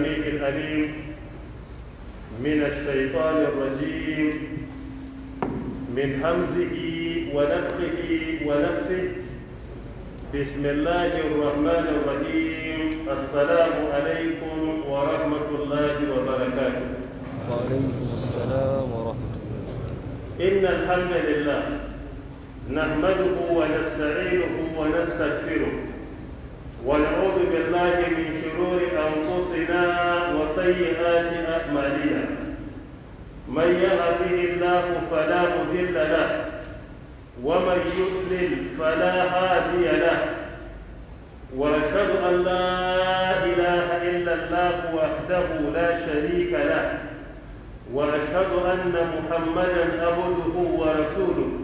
الملك الأليم من الشيطان الرجيم من همزه ونفخه ونفثه بسم الله الرحمن الرحيم السلام عليكم ورحمة الله وبركاته وعليكم السلام ورحمة الله إن الحمد لله نحمده ونستعينه ونستغفره ونعوذ بالله من شرور أنفسنا وسيئات أعمالنا من يهده الله فلا مضل له ومن يضلل فلا هادي له واشهد ان لا اله الا الله وحده لا شريك له واشهد ان محمدا عبده ورسوله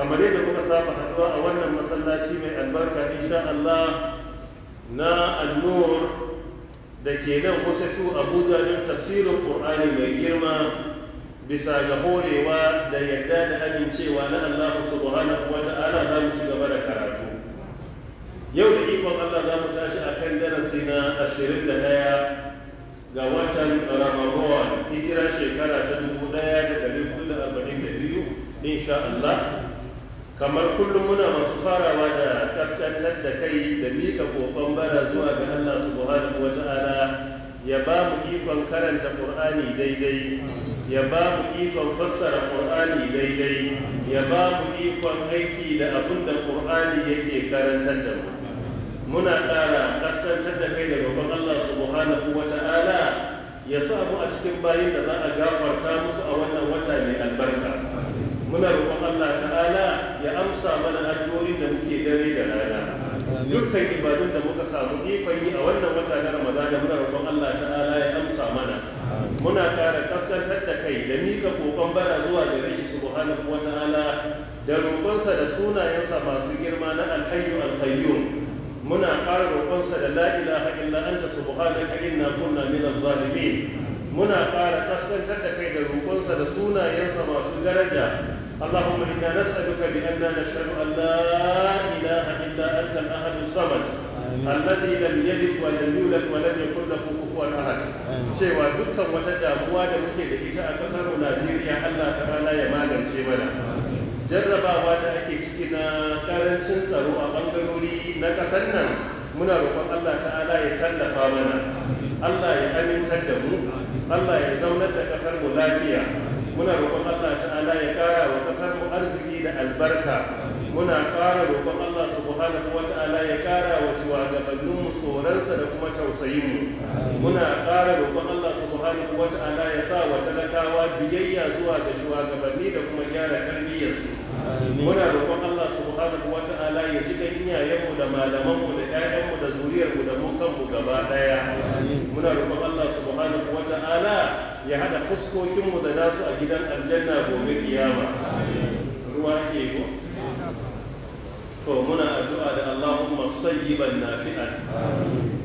kamar yadda kuka saba haduwa a wannan masallaci mai albarka insha Allah na annur da ke nan wasatu abuja don tafsirin ƙur'ani mai girma bisa ga horewa da yadda da amincewa na Allah subhanahu wa ta'ala za mu ci gaba da karatu yau da ikon Allah za mu tashi kan darasi na ashirin da ɗaya ga watan Ramadan hijira shekara ta dubu ɗaya da ɗari hudu da arba'in da biyu insha Allah kamar kullum muna masu farawa da kaskantar da kai da mika kokon bara zuwa ga Allah subhanahu wata'ala ya ba mu ikon karanta Qur'ani daidai ya ba mu ikon fassara Qur'ani daidai ya ba mu ikon aiki da abin da Qur'ani yake karantar da mu muna ƙara kaskantar da kai daga gaban Allah subhanahu wata'ala ya sa mu a cikin bayin da za a gafarta musu a wannan wata mai albarka muna roƙon Allah ta ya amsa mana addu'o'in da muke dare da rana dukkan ibadun da muka samu ikon yi a wannan wata na ramadana muna roƙon Allah ta'ala ya amsa mana muna ƙara kaskantar da kai da mika kokon bara zuwa da rashi subhanahu wa ta'ala da roƙonsa da sunayensa masu girma na alhayyu al'ayyu. muna ƙara roƙonsa da la ilaha illa anta subhanaka inna kunna minal zalimin muna ƙara kaskantar da kai da roƙonsa da sunayensa masu daraja اللهم انا نسالك باننا نشهد ان لا اله الا انت الاحد الصمد الذي لم يلد ولم يولد ولم يكن له كفوا احد cewa dukkan wata damuwa da muke da ita a kasar mu Najeriya Allah ta'ala ya magance mana jarrabawa da ake ciki na karancin tsaro a bangarori na ƙasar nan muna roƙon Allah ta'ala ya tallafa mana Allah ya amintar da mu Allah ya zaunar da kasar mu lafiya muna roƙon Allah ta'ala ya ƙara wa ƙasar mu arziki da albarka muna ƙara roƙon Allah subhanahu wa ta'ala ya ƙara wa shugabannin mu tsoronsa da kuma tausayin mu muna ƙara roƙon Allah subhanahu wa ta'ala ya sa wa talakawa biyayya zuwa ga shugabanni da kuma gyara tarbiyyar su muna roƙon Allah subhanahu wa ta'ala ya ji kan iyayenmu da mu da ƴaƴanmu da zuriyarmu da mu kanmu gaba ɗaya muna roƙon Allah subhanahu wa ta'ala ya hada fuskokinmu da nasu a gidan aljanna gobe kiyama ruwa yake ko to muna addu'a da Allahumma sayyiban nafi'an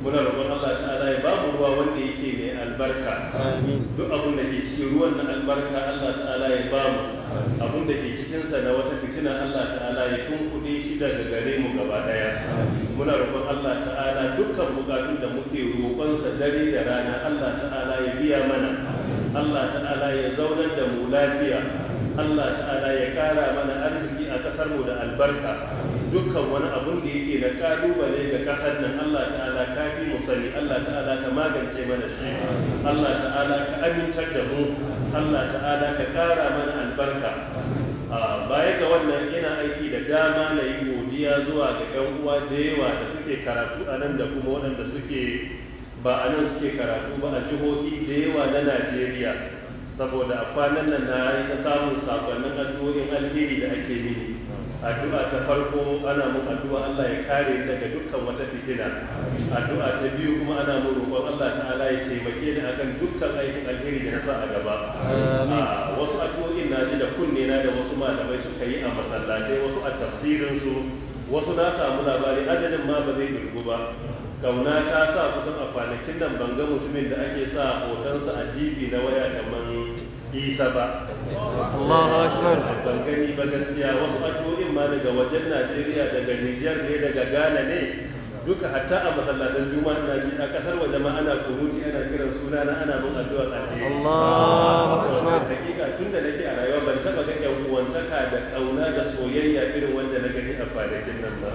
muna roƙon Allah ta'ala ya bamu ruwa wanda yake mai albarka duk abin da ke cikin ruwan na albarka Allah ta'ala ya bamu abin da ke cikinsa na wata fitina Allah ta'ala ya tunkuɗe shi daga gare mu gaba ɗaya muna roƙon Allah ta'ala dukkan buƙatun da muke sa dare da rana Allah ta'ala ya biya mana Allah ta'ala ya zaunar da mu lafiya Allah ta'ala ya ƙara mana arziki a ƙasar mu da albarka dukkan wani abun da yake na ƙalubale ga ƙasar nan Allah ta'ala ka fi mu sani Allah ta'ala ka magance mana shi Allah ta'ala ka amintar da mu Allah ta'ala ka ƙara mana albarka A baya ga wannan ina aiki da dama na yi godiya zuwa ga 'yan uwa da yawa da suke karatu a nan da kuma waɗanda suke ba a nan suke karatu ba a jihohi da yawa na najeriya saboda a kwanan nan na yi ta samun sakonnin addu'o'in alheri da ake yi addu'a ta farko ana mun addu'a Allah ya kare ni daga dukkan wata fitina addu'a ta biyu kuma ana mun roƙon Allah ta'ala ya taimake ni akan dukkan aikin alheri da nasa a gaba a wasu addu'o'in na ji da kunne na da wasu malamai suka yi a masallatai wasu a tafsirin su wasu na samu labari adadin ma ba zai durgu ba kauna ta sa kusan a kwanakin nan ban ga mutumin da ake sa hotonsa a jibi na waya kamar isa ba Allahu akbar ban gani ba gaskiya wasu addu'o'in ma daga wajen Najeriya daga Niger ne daga Ghana ne duka hatta a masallatan juma'a ina ji a kasar waje ma ana kuruci ana kiran suna na ana bin addu'a alheri Allahu akbar hakika tun da nake a rayuwa ban taba ga yan uwantaka da kauna da soyayya irin wanda na gani a kwanakin nan ba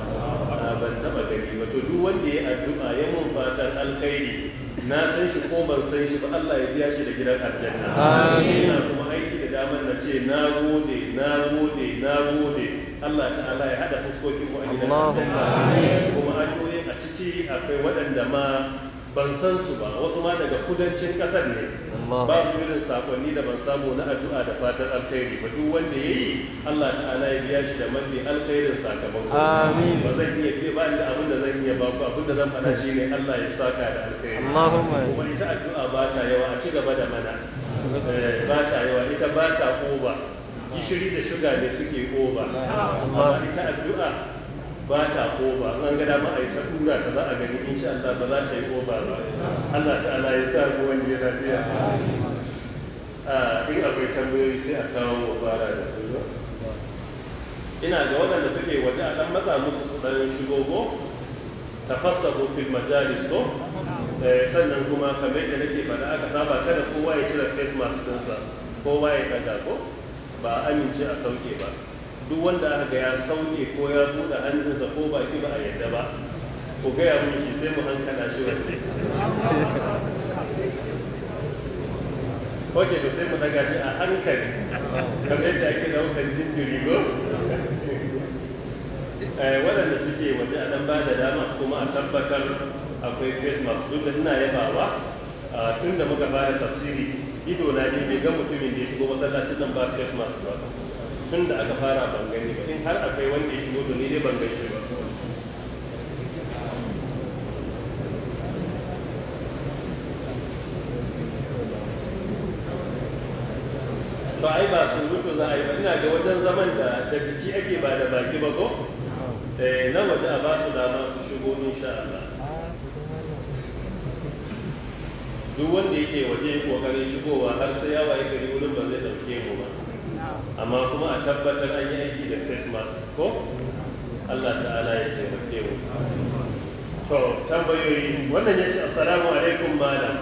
ban taba gani ba to duk wanda ya addu'a ya mun fatan alkhairi na san shi ko ban san shi ba Allah ya biya shi da gidan aljanna amin kuma aiki da dama na ce na gode na gode na gode Allah ta'ala ya hada fuskokin ku a gidan aljanna kuma addu'o'i a ciki akwai waɗanda ma ban san su ba wasu ma daga kudancin kasar ne ba irin sakonni da ban samu na addu'a da fatan alkhairi ba duk wanda ya yi Allah ta'ala ya biya shi da mafi alkhairin sakamako amin ba zan iya biya ba da abin da zan iya ba ku abin da zan shi ne Allah ya saka da alkhairi kuma ita addu'a ba ta yawa a ci gaba da mana eh, ba ta yawa ita ba ta koba gishiri da shuga ne suke koba amma ita addu'a ba ta oba an gada ma'aikata a ta ta za a gani insha Allah ba za ta yi oba ba Allah ta'ala ya sa ruwan ya lafiya ah, in akwai tambayoyi sai a kawo fara da su ina ga waɗanda suke waje a dan matsa musu su dan shigo ko tafassahu fil majalis ko eh, sannan kuma kamar da nake bada aka saba kada kowa ya cire face mask ɗinsa kowa ya daga ko ba amince a sauke ba duk wanda aka ga ya sauke ko ya buɗe sa ko baki ba a yadda ba ku gaya mun shi sai mu hankala shi wanne ok to sai mu daga shi a hankali kamar yadda ake daukan jinjiri ko eh, waɗanda suke waje a ɗan bada dama kuma a tabbatar akwai face mask duk da ina yabawa tun da muka fara tafsiri ido na ne bai ga mutumin da ya shigo masallacin nan ba face mask ba tun da aka fara ban gani ba in har akwai wanda ya shigo da ni dai ban gaishe ba to ai ba su mutu za a yi ba ina ga wajen zaman da da jiki ake ba da baki ba ko eh na waje a ba su dama su shigo sha Allah duk wanda yake waje kokarin shigowa har sai ya gari wurin ba zai dauke mu ba amma kuma a tabbatar an yi aiki da face mask ko Allah ta'ala ya mafi yau to tambayoyi wannan ya ce assalamu alaikum malam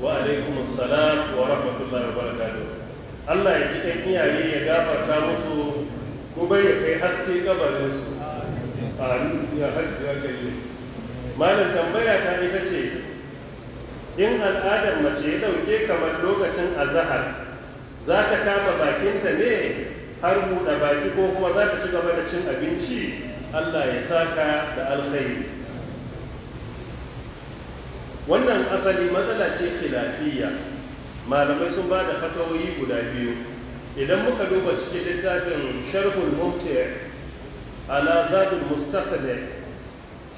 wa alaikum assalam wa rahmatullahi wa barakatuh Allah ya ji ɗan iyaye ya gafarta musu bai ya kai haske ƙabarinsu. amin ya hajjiya gaye malam tambaya ta ita ce in al'adar mace ya ɗauke kamar lokacin azahar za ta kama bakinta ne har buɗe baki ko kuma za ta ci gaba da cin abinci allah ya saka da alkhairi wannan asali matsala ce khilafiyya malamai sun ba da fatawoyi guda biyu idan muka duba cikin littafin sharhul mumtir ala zadul mustaqbal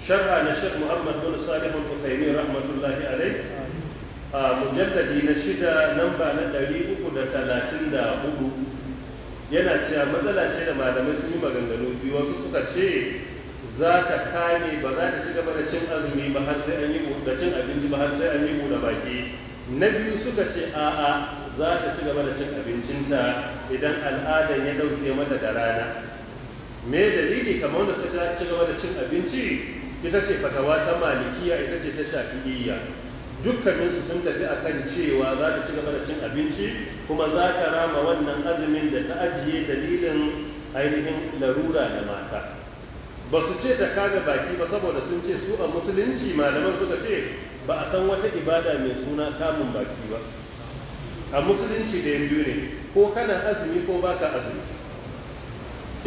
sharha na shek muhammad bin salih al-uthaymeen rahmatullahi alayh A mujalladi na shida nan ba na ɗari uku da talatin da hudu yana cewa matsala ce da malamai sun yi maganganu biyu wasu suka ce za ta kame ba za ta ci gaba da cin azumi ba har sai an yi da cin abinci ba har sai an yi buɗe baki na biyu suka ce a'a za ta ci gaba da cin abincinta idan al'adan ya ɗauke mata da rana me dalili kamar wanda suka ce za ta ci gaba da cin abinci ita ce fatawa ta malikiya ita ce ta shafi shafi'iyya dukkaninsu sun tafi a kan cewa za ta ci gaba da cin abinci kuma za ta rama wannan azumin da ta ajiye dalilin ainihin larura da mata ba su ce ta kaga baki ba saboda sun ce su a musulunci malaman suka ce ba a san wata ibada mai suna kamun baki ba a musulunci da biyu ne ko kana azumi ko baka azumi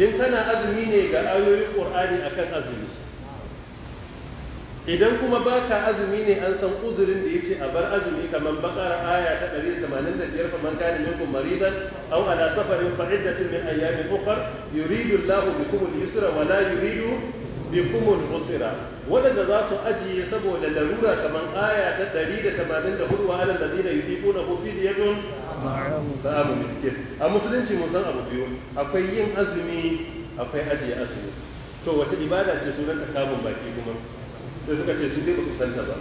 in kana azumi ne ga ayoyin ƙur'ani akan azumi idan kuma baka azumi ne an san uzurin da ya yace a bar azumi kamar bakar aya ta 185 faman kana minkum maridan aw ala safarin fa iddatun min ayyamin ukhra yuridu Allahu bikum al-yusra wa la yuridu bikum al-usra wadanda za su ajiye saboda larura kamar aya ta 184 wa ala alladhina yudiquna hu fi diyatun ta'amu miskin a musulunci mun san abu biyu akwai yin azumi akwai ajiye azumi to wace ibada ce sunanta kamun baki kuma sai suka ce su dai ba su santa ba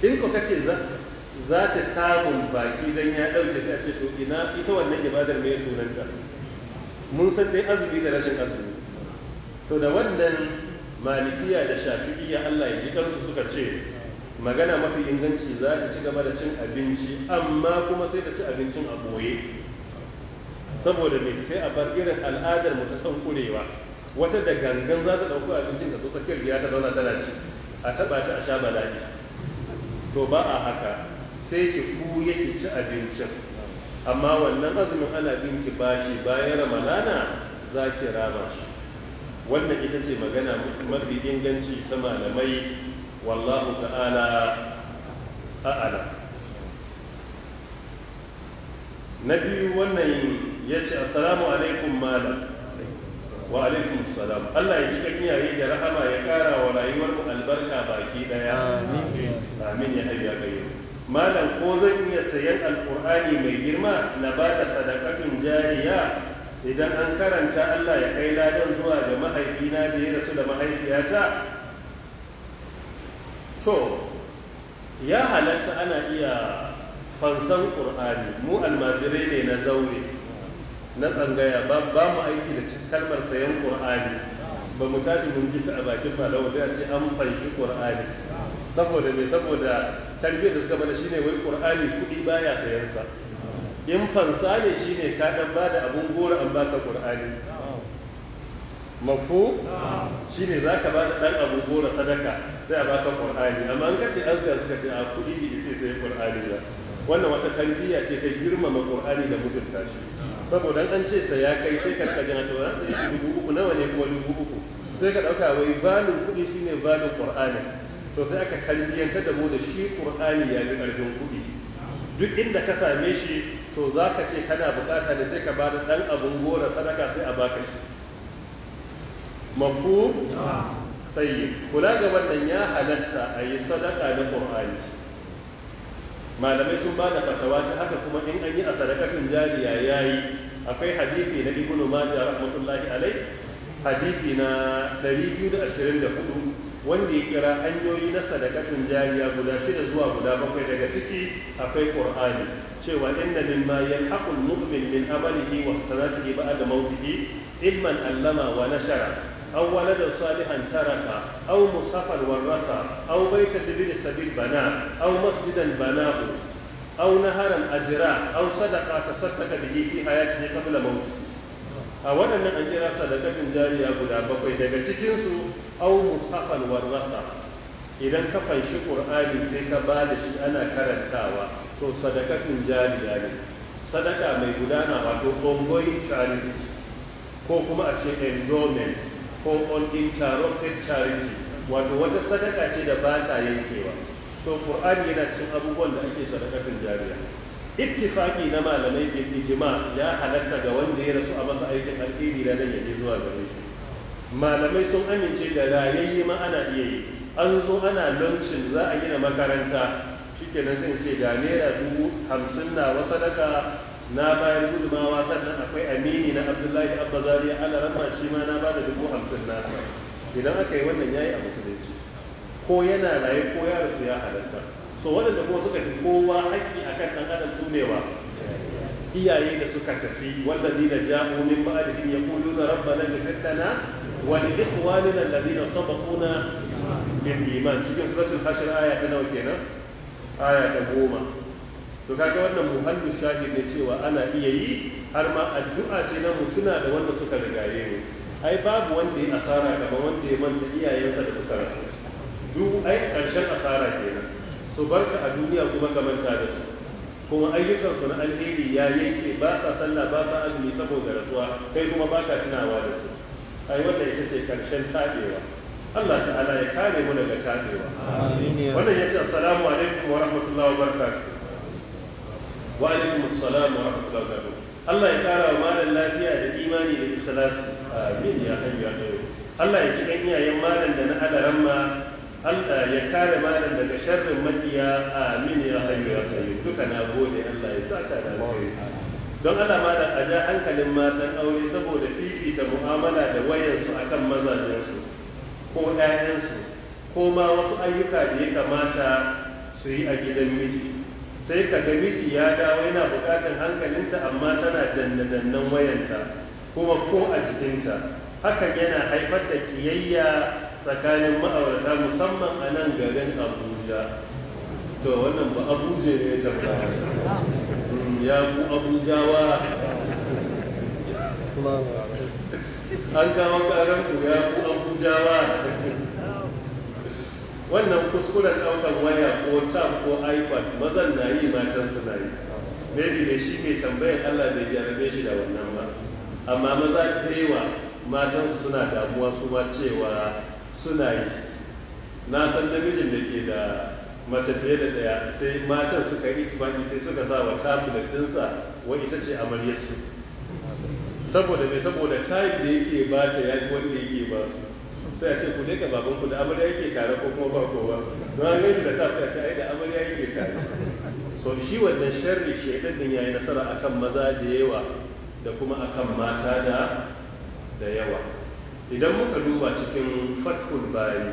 in ko kace za za ta kamun baki dan ya dauke sai a ce to ina ita wannan ibadar mai sunanta mun san dai azumi da rashin azumi to da wannan malikiya da shafi'iyya Allah ya ji kansu suka ce magana mafi inganci za ta ci gaba da cin abinci amma kuma sai ta ci abincin a boye saboda me sai a bar irin al'adar mu ta san kurewa wata da gangan za ta ɗauko abincin da zo tsakiyar gida ta zauna tana ci a taɓa ta a sha bala'i to ba a haka sai ki ku yake ci abincin amma wannan azumin ana bin ki bashi bayan ramadana za ki raba shi wannan ita ce magana mafi inganci ta malamai wallahu ta'ala a'ala na biyu wannan ya ce assalamu alaikum malam wa alaikum salam Allah ya ji kan iyaye da rahama ya kara wa rayuwar mu albarka baki daya amin ya hayya gayyar malam ko zan iya sayan alqur'ani mai girma na ba da sadakatun jariya idan an karanta Allah ya kai ladan zuwa ga mahaifina da ya rasu da mahaifiyata to ya halatta ana iya fansan ƙur'ani mu almajirai ne na zaune na tsangaya ba mu aiki da kalmar sayan ƙur'ani ba mu tashi mun ji ta a bakin malamu sai a ce an fanshi ƙur'ani saboda me saboda tarbiyyar da suka bada shine wai ƙur'ani kuɗi baya sayansa in fansa ne shine ka dan ba da abun goro an baka ƙur'ani mafu shine za ka ba da ɗan abun goro sadaka sai a baka ƙur'ani amma in kace ce an saya suka ce a kuɗi bai sai sai ƙur'ani ba wannan wata tarbiyya ce ta girmama qur'ani da mutunta shi saboda an ce sa ya kai sai ka rika to dubu uku nawa ne kuma dubu uku sai ka ɗauka wai valin kuɗi shine valin qur'ani to sai aka tarbiyyantar da mu da shi qur'ani ya bi ƙarfin kuɗi duk inda ka same shi to za ka ce kana bukata ne sai ka ba da ɗan abin gora sadaka sai a baka shi mafu tayyib kula ga wannan ya halatta a yi sadaka na qur'ani malamai sun ba da fatawa ta haka kuma in an yi a sadakatun jariya ya yi akwai hadisi na ibn majah rahmatullahi alai hadisi na 224 wanda ya kira hanyoyi na sadakatun jariya guda shida zuwa guda bakwai daga ciki akwai qur'ani cewa inna ma yanhaqul mu'min min amalihi wa a ba'da mawtihi ilman allama wa nashara أو ولدا صالحا ترك أو مصحفا ورثه أو بيتا لبن السبيل بناه أو مسجدا بناه أو نهرا أجراه أو صدقة تصدق به في حياته قبل موته a waɗannan an kira sadakatin jariya guda bakwai daga cikinsu au mushafan warrasa idan ka fanshi ƙur'ani sai ka ba da shi ana karantawa to sadakatin jariya ne sadaka mai gudana wato ongoing charity ko kuma a ce endowment ko uninterrupted charity wato wata sadaka ce da ba ta yankewa so qur'ani yana cikin abubuwan da ake sadakatun jariya ittifaqi na malamai bin ijma ya halatta ga wanda ya rasu a masa aikin alheri da nan yaje zuwa gare shi malamai sun amince da rayayyi ma ana iya yi an zo ana lancin za a gina makaranta shikenan sai ce ga naira dubu hamsin na wasadaka na bayar gudumawa sannan akwai amini na abdullahi abba zari ala rama shi ma na ba da dubu hamsin nasa idan aka yi wannan yayi a musulunci ko yana raye ko ya rasu ya halatta so waɗanda kuma suka fi kowa haƙƙi akan ɗan adam su wa iyaye da suka tafi wanda ni da jamu min ba'dihim yaquluna wani na lana wa li na saba kuna min iman cikin suratul hashir aya ta nawa kenan aya ta goma to kaga wannan muhallu shahid ne cewa ana iya yi har ma addu'a ce na mutuna da wanda suka rigaye mu ai babu wanda ya asara kamar wanda ya manta iyayensa da suka rasu duk ai karshen asara kenan su barka a duniya kuma ka manta da su kuma ayyukansu na alheri ya yanke ba sa sallah ba sa azumi saboda rasuwa kai kuma baka tunawa da su ai wanda ita ce karshen tabewa Allah ta'ala ya kare mu daga tabewa. Wannan yace ce assalamu alaikum wa rahmatullahi wa barakatuh. wa alaikum wa rahmatullahi Allah ya kara wa malam lafiya da imani da ikhlasi amin ya hayyu ya qayyum Allah ya ji kan iyayen malam da na adaran ma Allah ya kare malam daga sharrin makiya amin ya hayyu ya na Allah ya da don ma da aja hankalin matan aure saboda fifita mu'amala da wayansu akan mazajensu ko 'ya'yansu, ko ma wasu ayyuka da ya kamata su yi a gidan miji sai ka ga miji ya dawo yana buƙatar hankalinta amma tana danne-dannen wayanta kuma ko a jikinta hakan yana haifar da ƙiyayya tsakanin ma'aurata musamman a nan garin abuja to wannan ba abuja ne ba mm, ya ku abujawa an kawo ƙaranku ya ku abujawa wannan kuskuren ɗaukan waya ko tab ko ipad mazan na yi matan suna yi maybe da shi ne tambayar allah bai jarabe shi da wannan ba amma maza da matansu suna damuwa su ma cewa suna yi na san namijin da ke da mace fiye da ɗaya sai matan suka yi tumaki sai suka sa wa tablet ɗinsa wa ita ce amaryarsu saboda mai saboda time da yake ba ta ya wanda yake ba su sai a ce ku dai ka baban ku da amarya yake tare ko kuma ba kowa don an gani da ta fi a ce ai da amarya yake tare so shi wannan sharri shaidan din yayi nasara akan maza da yawa da kuma akan mata da da yawa idan muka duba cikin fathul bari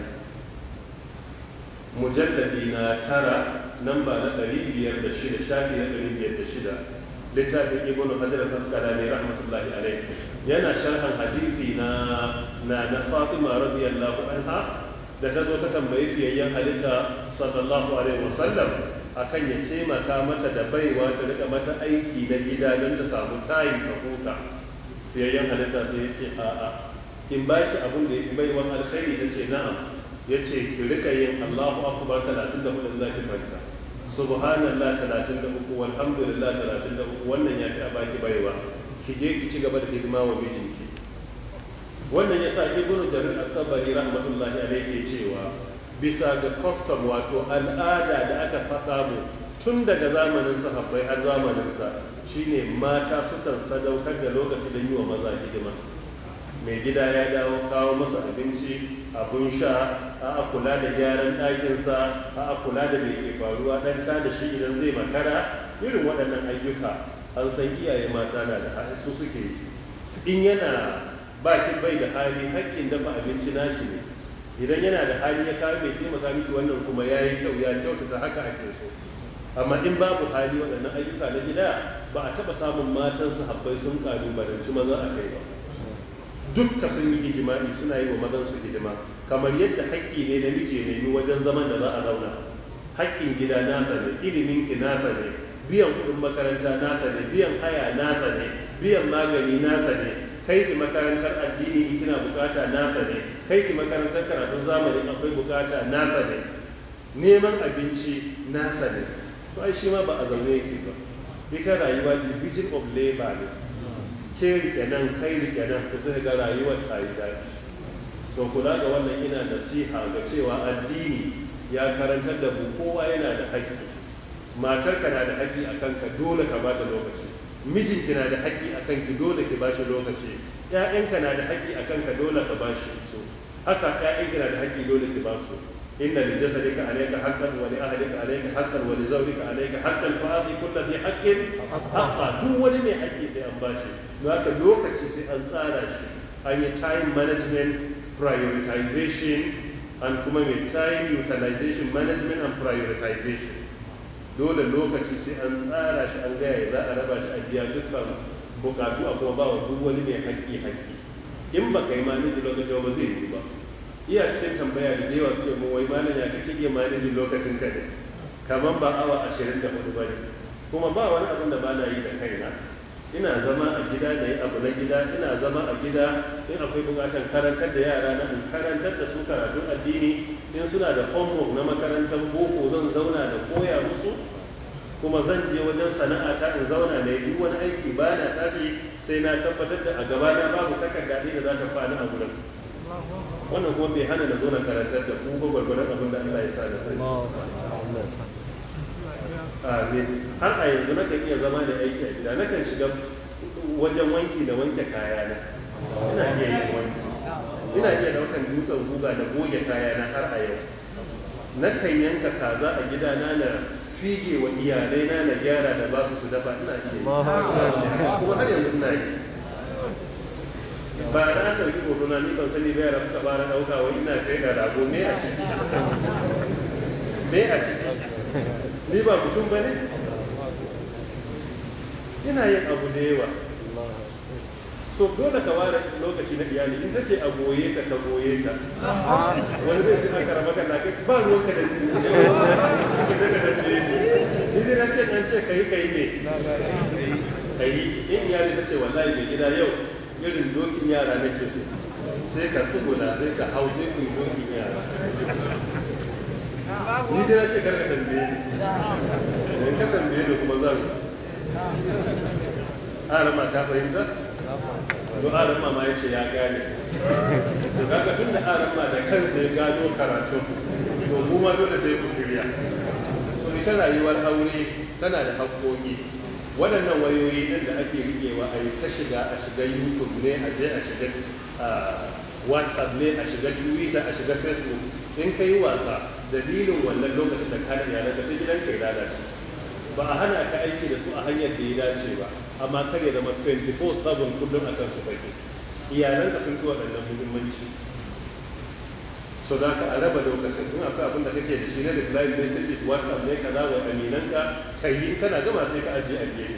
mujalladi na tara namba na 506 shafi na 506 littafin ibn hajar al-asqalani rahmatullahi alayhi yana sharhan hadisi na na na fatima radiyallahu anha da ta zo ta tambayi fiyayyen halitta sallallahu alaihi wasallam akan ya taimaka mata da baiwa ta rika mata aiki na gida don ta samu tayin ta huta fiyayyen halitta sai ya ce a'a in baki abin da ya fi baiwan alkhairi ta ce na'am ya ce ki rika yin allahu akubar talatin da hudun zaki kwanta subhanallah 33 walhamdulillah uku wannan ya fi a baki baiwa ki je ki ci gaba da hidima wa mijinki wannan ya sa ibn jarir al-tabari rahmatullahi alayhi ya cewa bisa ga custom wato al'ada da aka fasamu tun daga zamanin sahabbai har zamanin sa shine mata sukan sadaukar da lokaci don yi wa maza hidima mai gida ya dawo kawo masa abinci abun sha a kula da gyaran ɗakinsa a kula da mai faruwa. faruwa ɗan da shi idan zai makara irin waɗannan ayyuka an san iyaye mata na da hali su suke yi in yana bakin bai da hali haƙƙin dafa abinci naki ne idan yana da hali ya kawo mai taimaka miki wannan kuma ya yi kyau ya ta haka ake so amma in babu hali waɗannan ayyuka na gida ba a taɓa samun matan sahabbai sun ƙalubalanci maza a kai ba dukka sun yi ijimai suna yi wa mazan su hidima kamar yadda haƙƙi ne na miji ni wajen zaman da za a zauna haƙƙin gida nasa ne ilimin ki nasa ne biyan kuɗin makaranta nasa ne biyan haya nasa ne biyan magani nasa ne kai ki makarantar addini in kina bukata nasa ne kai ki makarantar karatun zamani akwai bukata nasa ne neman abinci nasa ne to ai shi ma ba a zaune yake ba ita rayuwa division of labor ne ke rike nan kai rike nan ku zai ga rayuwar ta yi daɗi so kula ga wannan ina nasiha ga cewa addini ya karantar da mu kowa yana da haƙƙi ka na da haƙƙi a kanka dole ka bata lokaci Mijin ki na da haƙƙi a kanki dole ki bashi lokaci ka na da haƙƙi a kanka dole ka bashi so haka ki na da haƙƙi dole ki basu إن لجسدك عليك حقا ولأهلك عليك حقا ولزوجك عليك حقا فأعطي كل ذي حق حقا دو wani mai haƙƙi sai an bashi don haka lokaci sai an tsara shi an yi time management prioritization and kuma mai time utilization management and prioritization dole lokaci sai an tsara shi an gaya za a raba shi a biya dukkan bukatu a kuma ba duk wani mai haƙƙi haƙƙi in ba kai ma ni lokacin ba zai yi ba iya cikin tambaya da yawa suke mun wai malam ya kake iya manajin lokacin ka kaman kamar ba awa ashirin da hudu ba ne kuma ba wani abin da ba na yi da kaina ina zama a gida da yi abu na gida ina zama a gida in akwai bukatar karantar da yara na in karantar da su karatun addini in suna da homework na makarantar boko zan zauna da koya musu kuma zan je wajen sana'a ta in zauna na yi wani aiki ba na tafi sai na tabbatar da a gaba na babu takarda da za ta faɗi a gurin wannan kuma bai hana na zo na karantar da kuma gwargwaron abin da Allah ya sa da sai har a yanzu na kan iya zama da aiki a gida na kan shiga wajen wanki da wanke kaya na ina iya yin wanki ina iya daukan dutsen guga da goge kaya na har a yau na kan yanka kaza a gida na na fige wa iyalai na na gyara da ba su su dafa ina iya yi kuma har yanzu ina yi ba na ɗauki hoto na ni ban sani ba yara suka fara ɗauka wa ina kai da rago me a ciki me a ciki ni ba mutum ba ne ina yin abu da yawa so dole ka ware lokaci na iyali in ce a goye ka ka goye ka wani zai ci aka raba ka kai ba ruwan ka da ni ni na ce an ce kai kai ne kai in iyali ta ce wallahi mai gida yau irin dokin yara nake so sai ka tsuguna sai ka hau sai ku yi dokin yara ni dai na ce karka tambaye ni idan ka tambaye ni kuma za su arama ta fahimta to arama ma ya ce ya gane to kaga tun da arama da kansa ya gano karatu to mu ma dole sai ku shirya so ita rayuwar aure tana da haƙƙoƙi waɗannan wayoyi ɗin da ake rigewa a yi ta shiga a shiga youtube ne a je a shiga whatsapp ne a shiga twitter a shiga facebook in ka yi wasa dalilin wannan lokacin da ka da ka sai gidan ka ya lalace ba a hana ka aiki da su a hanyar da ya dace ba amma kare da ma 24/7 kullum a kan su fage iyalanka sun fi waɗannan muhimmanci so da ka raba lokacin tun akwai abin da kake da shi na reply messages whatsapp ne ka wa aminanka ka yi kana gama sai ka ajiye a gefe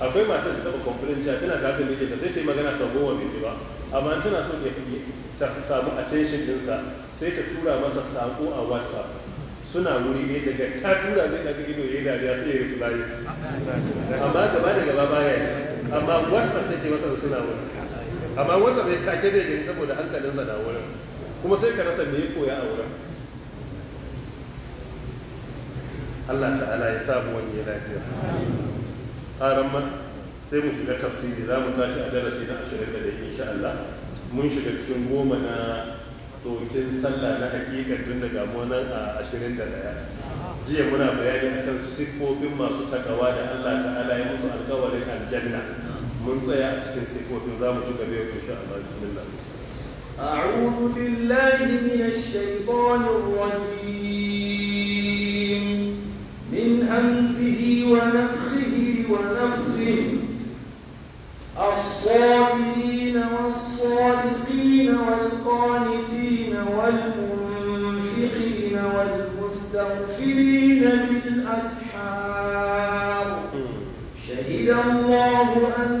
akwai matar da taba complain cewa tana tafi miji ta sai ta yi magana sau goma mai ji ba amma tana so ta samu attention dinsa sai ta tura masa sako a whatsapp suna wuri ne daga ta tura zai ɗaga ido ya dariya sai ya reply amma gaba da gaba baya amma whatsapp take masa suna wuri amma whatsapp ya take zai gani saboda hankalinsa na wurin kuma sai ka rasa me ya koya a wurin Allah ta'ala ya samu wani ya lafiya ƙaran ma sai mu shiga tafsiri za mu tashi a darasi na ashirin da dai insha Allah mun shiga cikin goma na dokin sallah na hakikar tun daga nan a ashirin da daya jiya muna bayani akan sifofin masu takawa da Allah ta'ala ya musu alƙawarin aljanna mun tsaya a cikin sifofin za mu ci gaba yau insha Allah bismillah أعوذ بالله من الشيطان الرجيم من همزه ونفخه ونفخه الصابرين والصادقين والقانتين والمنفقين والمستغفرين بالأسحار شهد الله أن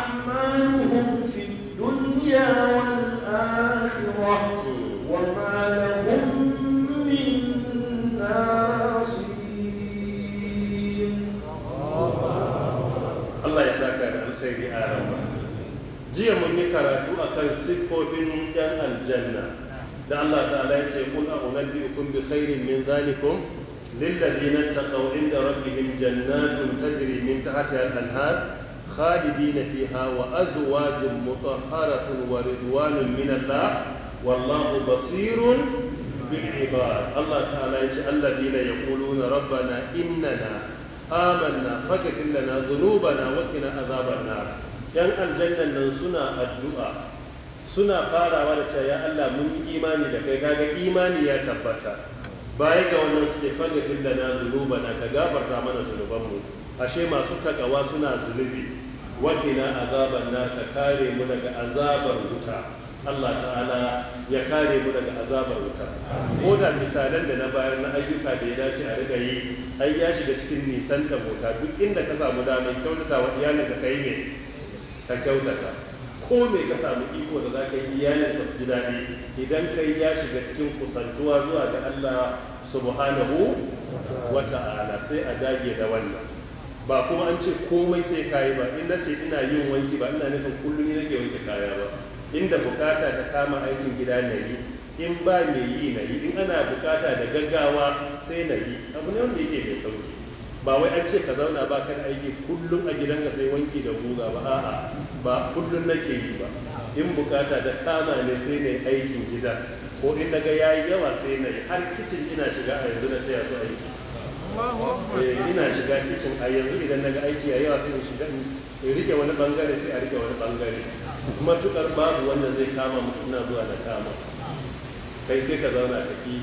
أعمالهم في الدنيا والآخرة وما لهم من ناصرين الله يساك عن الخير آدم jiya mun yi karatu akan siffofin 'yan aljanna da Allah ta'ala ya ce kun a unabbi'ukum bi khairin min zalikum lilladheena taqaw inda rabbihim jannatun tajri min tahtiha al-anhar خالدين فيها وأزواج مطهرة ورضوان من الله والله بصير بالعباد الله تعالى الذين يقولون ربنا إننا آمنا فاغفر لنا ذنوبنا وقنا عذاب النار yan aljannan nan suna addu'a suna farawa da cewa ya Allah mun yi imani da kai kaga imani ya tabbata baya ga wannan suke faga inda na zunubana ka gafarta mana zunubanmu ashe masu takawa suna zunubi wakina azaban na ka kare mu daga azabar wuta Allah ta'ala ya kare mu daga azabar wuta ko da misalan da na bayar na ayyuka da ya dace a riga yi ai ya shiga cikin nisan ta wuta duk inda ka samu damar kyautata wa iyalin ka kai ne ka kyautata ko me ka samu iko da za ka yi iyalin ka su ji daɗi idan kai ya shiga cikin kusantuwa zuwa ga Allah subhanahu wa ta'ala sai a dage da wannan ba kuma an ce komai sai kayi ba in ce ina yin wanki ba ina nufin kullum ni nake wanke kaya ba inda bukata ta kama aikin gida na yi in ba mai yi na yi in ana bukata da gaggawa sai na yi abu ne wanda yake mai sauki ba wai an ce ka zauna ba kan aiki kullum a gidan ka sai wanki da guga ba a'a ba kullum nake yi ba in bukata da kama ne sai na aikin gida ko in daga yayi yawa sai na yi har kicin ina shiga a yanzu na taya su aiki Eh, ina shiga kicin a yanzu idan naga aiki a yawa sai in shiga in rike wani bangare sai a rike wani bangare matukar babu wanda zai kama mutum ina zuwa na kama kai sai ka zauna ka ki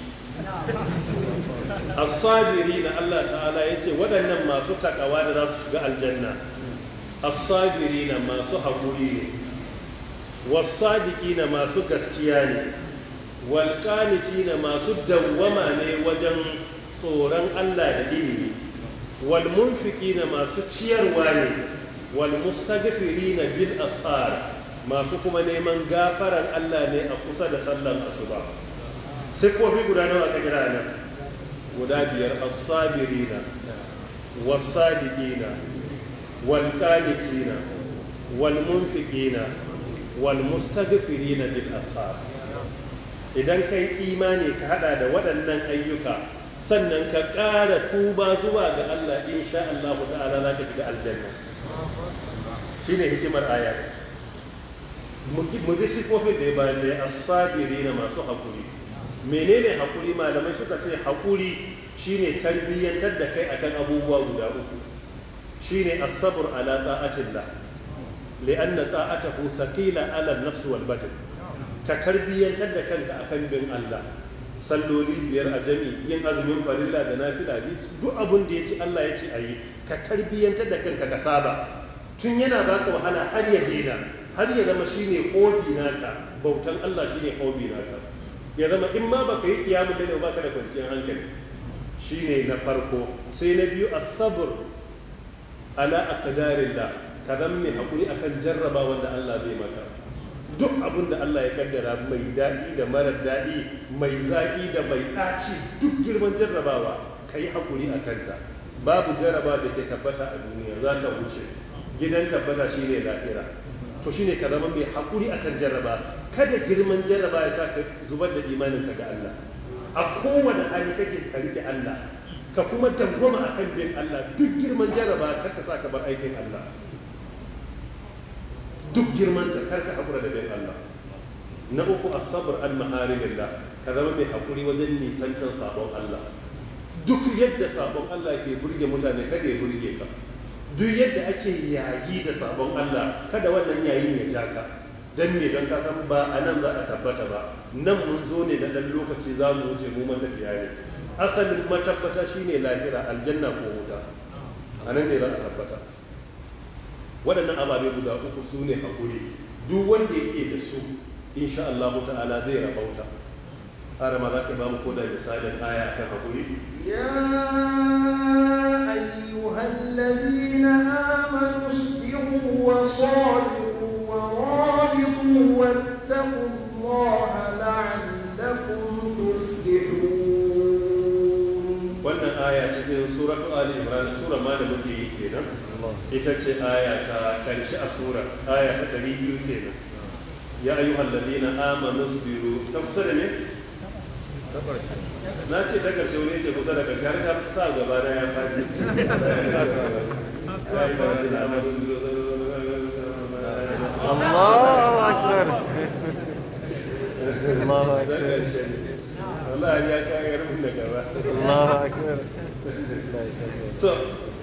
asabiri na Allah ta'ala ya ce waɗannan masu takawa da za su shiga aljanna asabiri na masu haƙuri ne wasadiki na masu gaskiya ne walƙaniki na masu dawwama ne wajen tsoron Allah da ilimi wal munfiqina masu ciyarwa ne wal mustaghfirina bil ashar masu kuma neman gafarar Allah ne a kusa da sallar asuba sifofi guda nawa aka kira nan guda biyar as-sabirina was-sadiqina wal bil ashar idan kai imani ka hada da waɗannan ayyuka sannan ka ƙara tuba zuwa ga Allah insha Allah ta'ala za ka shiga aljanna ne hikimar aya mu bi da ya bayan da ya asabiri na masu haƙuri menene haƙuri malamai suka ce haƙuri ne tarbiyyantar da kai akan abubuwa guda uku ne asabur ala ta'atillah li'anna ta'atahu thaqila ala nafs wal batin ka tarbiyyantar da kanka akan bin Allah salloli biyar a jami yin azumin farilla da na nafila duk abin da ya ci Allah ya ce a yi ka tarbiyyanta da kanka ka saba tun yana baka wahala har ya daina har ya zama shine hobi naka bautan Allah shine hobi naka ya zama in ma baka yi kiyamu da ba ka da kwanciyar hankali shi ne na farko sai na biyu a sabur ala da ka zan mai haƙuri akan jarraba wanda Allah zai maka duk abin da Allah ya kaddara mai daɗi da marar daɗi mai zaƙi da mai ɗaci duk girman jarrabawa ka yi haƙuri a kanta babu jarraba da ke tabbata a duniya za ta wuce gidan tabbata shi ne lafira to shi ne ka zama mai haƙuri akan jarraba kada girman jarraba ya sa ka zubar da imaninka ga Allah a kowane hali kake ka rike Allah ka kuma dangwama akan bin Allah duk girman jarraba kar ta sa ka bar aikin Allah duk girman ta karka hakura da bin Allah na uku a sabar an maharimillah ka zama mai hakuri wajen nisantar sabon Allah duk yadda sabon Allah ke burge mutane kada ya burge ka duk yadda ake yayi da sabon Allah kada wannan yayin ya ja ka dan me dan kasan ba ba nan za a tabbata ba nan mun zo ne da dan lokaci za mu wuce mu matafiya ne asalin matabbata shine lahira aljanna ko wuta anan ne za a tabbata waɗannan ababe guda uku su ne haƙuri duk wanda yake da su insha Allah ta'ala zai rabauta har ma za ka ba mu da misalin aya akan haƙuri ya ayyuhal amanu isbiru wa sabiru wa rabitu wattaqullaha aya cikin suratu ali imran sura ma da muke yi kenan ita ce aya ta karshe a sura aya ta ɗari 200 kenan ya ayyuhal ladina amanu sudiru ta kusa da ne na ce ta karshe wani ce kusa da karkar ka sa gaba na ya faɗi Allahu akbar Allahu akbar Allah ya kayar mun da gaba Allahu akbar so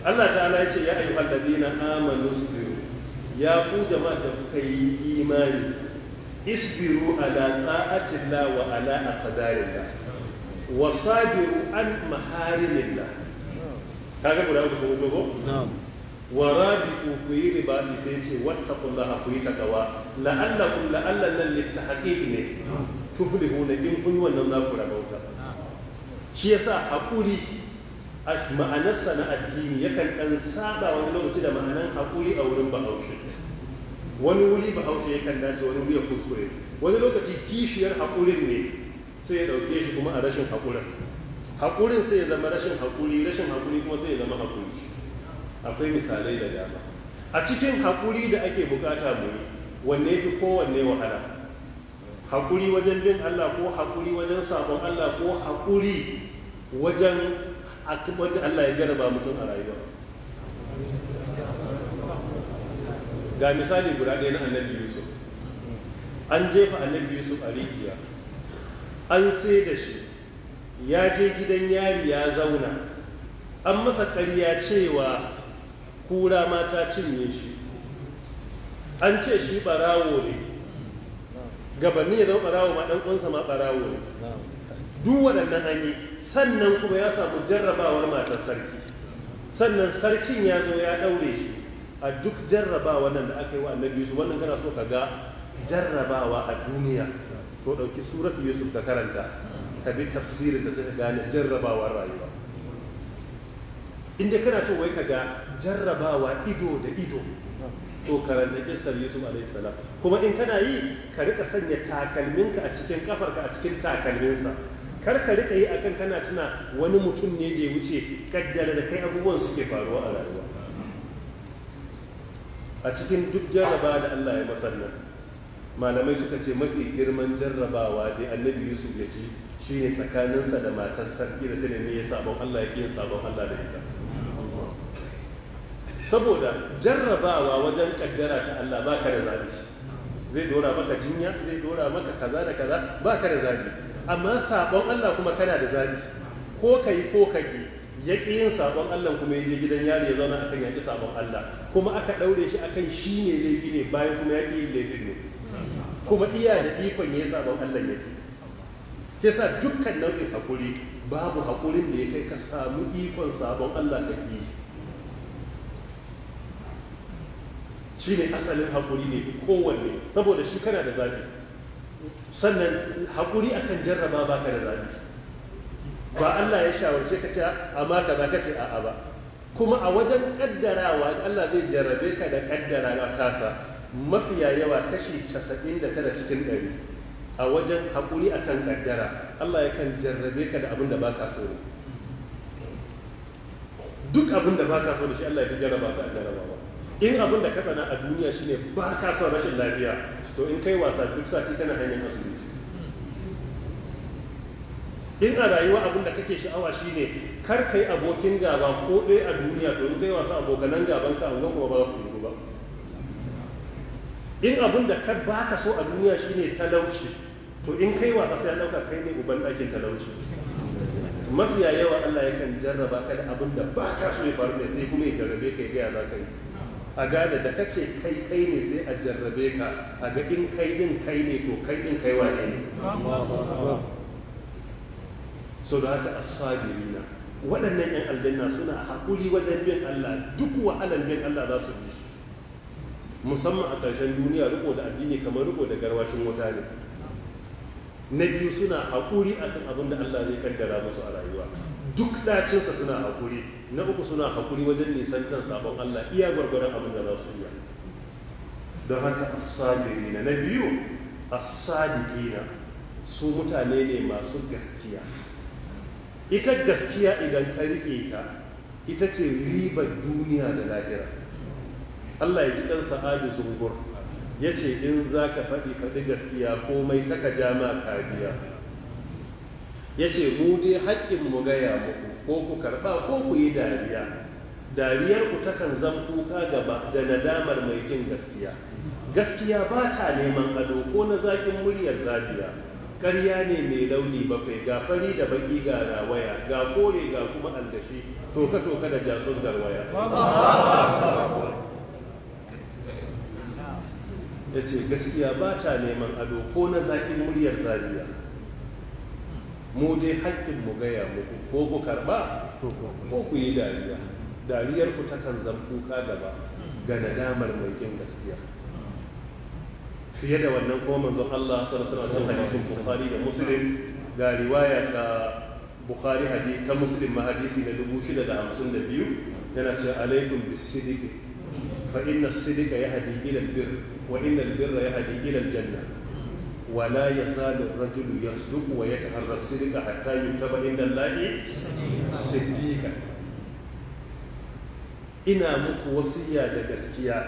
Allah ta'ala ya ce ya ayyuha alladina amanu isbiru ya ku jama'a da kuka yi imani isbiru ala ta'atillah wa ala aqdarillah wa sabiru an maharimillah kaga guda uku sun wuce na'am wa rabitu ku yi ribadi sai ce wattaqullaha ku yi takawa la'allakum la'allan nan littahqiq ne tuflihuna in kun wannan za ku rabauta shi yasa haƙuri ma'anarsa na addini yakan ɗan saba wani lokaci da ma'anar haƙuri a wurin bahaushe wani wuri bahaushe yakan dace wani wuya kuskure wani lokaci kishiyar haƙurin ne sai ya ɗauke shi kuma a rashin haƙurin haƙurin sai ya zama rashin haƙuri rashin haƙuri kuma sai ya zama haƙuri akwai misalai da dama a cikin haƙuri da ake buƙata mu wanne fi kowanne wahala haƙuri wajen bin Allah ko haƙuri wajen sabon Allah ko haƙuri wajen a wanda Allah ya jarraba mutum a rayuwa ga misali guda ɗaya na annabi yusuf an jefa annabi yusuf a rijiya an sai da shi ya je gidan yari ya zauna an masa ƙarya cewa kura mata cinye shi an ce shi ɓarawo ne gabanin ya zama ɓarawo ma ɗan ƙunsa ma ɓarawo ne duk waɗannan an yi sannan kuma ya samu jarrabawar matar sarki sannan sarkin ya zo ya daure shi a duk jarrabawa nan da aka yi wa annabi yusuf wannan kana so ka ga jarrabawa a duniya to ɗauki suratu yusuf ka karanta ka bi tafsirin da suka gane jarrabawar rayuwa inda kana so wai ka ga jarrabawa ido da ido to karanta kisar yusuf alaihi salam kuma in kana yi ka rika sanya takalminka a cikin kafarka a cikin takalminsa kar ka rika yi akan kana tuna wani mutum ne da ya wuce kaddara da kai abubuwan suke faruwa a rayuwa a cikin duk jarraba da Allah ya masar malamai suka ce mafi girman jarrabawa da annabi Yusuf ya ci shine tsakaninsa da matar sarki da ta nemi ya sabon Allah ya kiyin sabon Allah da ita saboda jarrabawa wajen kaddara ta Allah ba ka da zabi zai dora maka jinya zai dora maka kaza da kaza ba ka da zabi amma sabon Allah kuma kana da zabi ko kai ko kage ya ƙi yin sabon Allah kuma ya je gidan yari ya zauna akan yaƙi sabon Allah kuma aka ɗaure shi akan shi ne laifi ne bayan kuma ya ƙi yin laifin ne kuma iya da ikon ya yi sabon Allah ya ƙi ke sa dukkan nau'in haƙuri babu haƙurin da ya kai ka samu ikon sabon Allah ka ƙi shi ne asalin haƙuri ne kowanne saboda shi kana da zafi. sannan haƙuri akan jarraba ba ka da zaɓi ba Allah ya shawarce ka ce amma maka ba ka ce a'a ba kuma a wajen ƙaddarawa Allah zai jarrabe ka da ƙaddara na tasa mafiya yawa kashi casa'in da tara cikin ɗari a wajen haƙuri akan ƙaddara Allah ya kan jarrabe ka da abin da ba ka so ne duk abin da ba ka so da shi Allah ya fi jarraba ka a jarrabawa in abin da ka tsana a duniya shine ba ka son rashin lafiya to in kai wasa duk sati tana hanyar asibiti in a rayuwa abinda kake sha'awa shine kar ka yi abokin gaba ko ɗaya a duniya to in kai wasa abokanan gaban ka angon kuma ba za su ba in abin da kar ba ka so a duniya shine talauci to in kai wasa sai ya ɗauka kai ne uban ɗakin talauci mafiya yawa Allah yakan jarraba ka da abin da ba ka so ya faru ne sai kuma ya jarrabe ka ya gaya za ka yi a gane da kace kai kai ne sai a jarrabe ka a ga in kai din kai ne to kai din kai wane ne so da haka asabirina waɗannan 'yan aljanna suna haƙuri wajen bin Allah duk wa'alan bin Allah za su bi musamman a ƙarshen duniya riko da addini kamar riko da garwashin wuta ne na biyu suna haƙuri a kan abin da Allah zai kaddara musu a rayuwa duk ɗacinsa suna haƙuri na uku suna haƙuri wajen nisantan sabon Allah iya gwargwaron abin da za su iya don haka as na biyu as na su mutane ne masu gaskiya ita gaskiya idan ka riƙe ta ita ce ribar duniya da lahira Allah ya ji ɗan sa'adu zungur ya ce in za ka faɗi faɗi gaskiya komai taka jama kariya ya ce mu dai haƙƙin mu gaya muku ko ku karɓa ko ku yi dariya dariyarku takan zan kuka gaba da nadamar mai kin gaskiya gaskiya ba ta neman ado ko na zaƙin muryar zafiya ƙarya ne mai launi bakwai ga fari da baƙi ga rawaya ga kore ga kuma aldashi toka-toka da jasun garwaya ya ce gaskiya ba ta neman ado ko na zaƙin muryar zafiya mu dai haƙƙin mu gaya muku ko ku karɓa ko ku yi dariya dariyar ku takan zan kuka gaba ga nadamar mai kin gaskiya fiye da wannan ko manzo Allah sallallahu alaihi wasallam Bukhari da Muslim ga riwaya ta Bukhari hadisi ta Muslim ma hadisi na 652 yana cewa alaikum bis-sidiq fa inna as sidiq yahdi ila al-birr wa inna al-birra yahdi ila al-jannah wala ya zalu rajulu yasduqu wa yataharra sidqa hatta yutaba inda Allahi siddiqa ina muku wasiya da gaskiya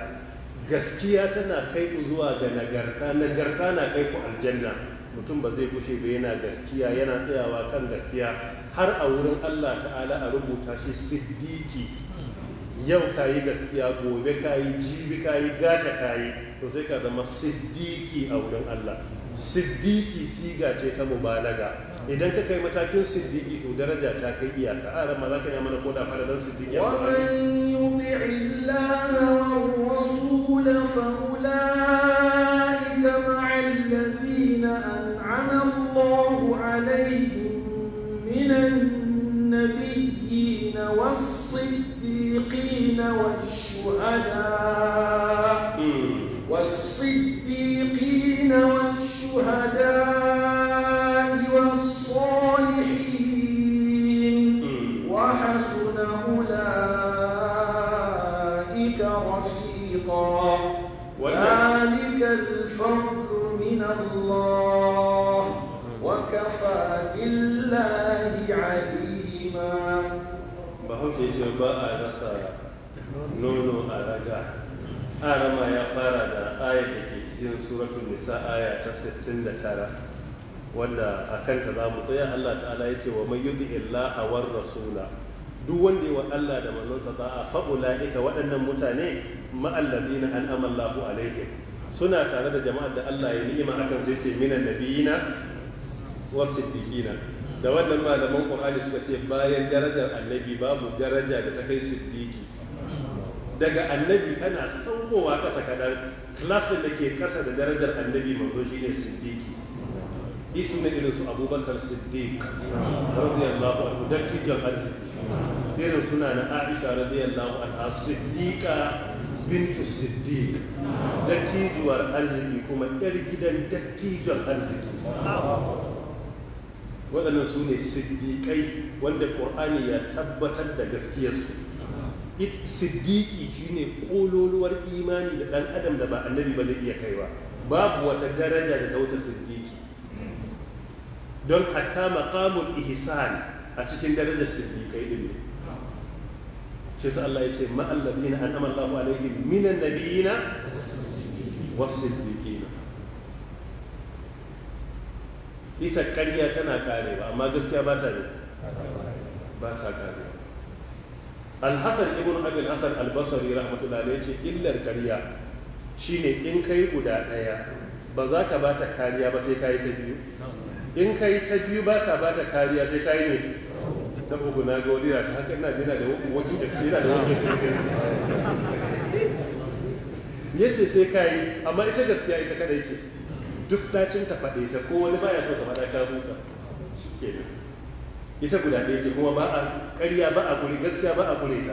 gaskiya tana kai ku zuwa ga nagarta nagarta na kai ku aljanna mutum ba zai kushe ba yana gaskiya yana tsayawa kan gaskiya har a wurin Allah ta'ala a rubuta shi siddiki yau ka yi gaskiya gobe ka yi jibi ka yi gata ka yi to sai ka zama siddiki a wurin Allah siddiki siga ce ta mubalaga idan ka kai matakin siddiki to daraja ta kai iyaka a ran ma za ka yi mana koda fara dan siddiki wa man yuti'i Allah wa rasul fa ulaika ma'al ladina an'ama Allah alaihim minan nabiyyin was wash-shuhada hmm. wasu ba a rasa nono a raga arama ya fara da aya da ke cikin suratun nisa aya ta 69 wanda a kanta za mu tsaya allah ta'ala ya ce wa mai illa a war rasula duk wanda wa allah da mazansa ba a fa'ula'ika waɗannan mutane ma'allabi na an amallahu alaihim suna tare da jama'ar da allah ya ni'ima akan zai ce minan nabiyina wasiddiqina da wannan malaman ƙur'ani suka ce bayan darajar annabi babu daraja da ta kai Siddiki. daga annabi kana saukowa ƙasa kaɗan klasin da ke ƙasa da darajar annabi manzo shine siddiki isu na irin su abubakar siddiq radiyallahu anhu dattijan arziki irin suna na aisha radiyallahu anha siddiqa bintu siddiq dattijuwar arziki kuma yar gidan dattijan arziki waɗannan su ne siddiƙai wanda ƙur'ani ya tabbatar da gaskiyarsu siddiƙi shi ne ƙololuwar imani da ɗan adam da ba annabi ba zai iya kaiwa babu wata daraja da ta wuce siddiƙi don hatta maƙamun ihsan a cikin darajar siddiƙai ɗin ne shi sa Allah ya ce na an an'ama Allahu alaihim minan nabiyina was ita karya tana karewa amma gaskiya ba ta ne ba ta karewa alhassan ibn abin hassan albasari rahmatullahi ya ce illar Shi shine in kai guda ɗaya ba za ka ba ta kariya ba sai ka yi ta biyu in ka yi ta biyu ba ka ba ta kariya sai ka yi ne ta uku na ga wani ta haka ina jina da wakil da yana da wakin ya ce sai ka yi amma ita gaskiya ita ya ce duk dacin ta faɗe ta ko wani baya so ka faɗa ka huta kenan ita guda ɗaya ce kuma ba a ƙarya ba a kure gaskiya ba a kure ta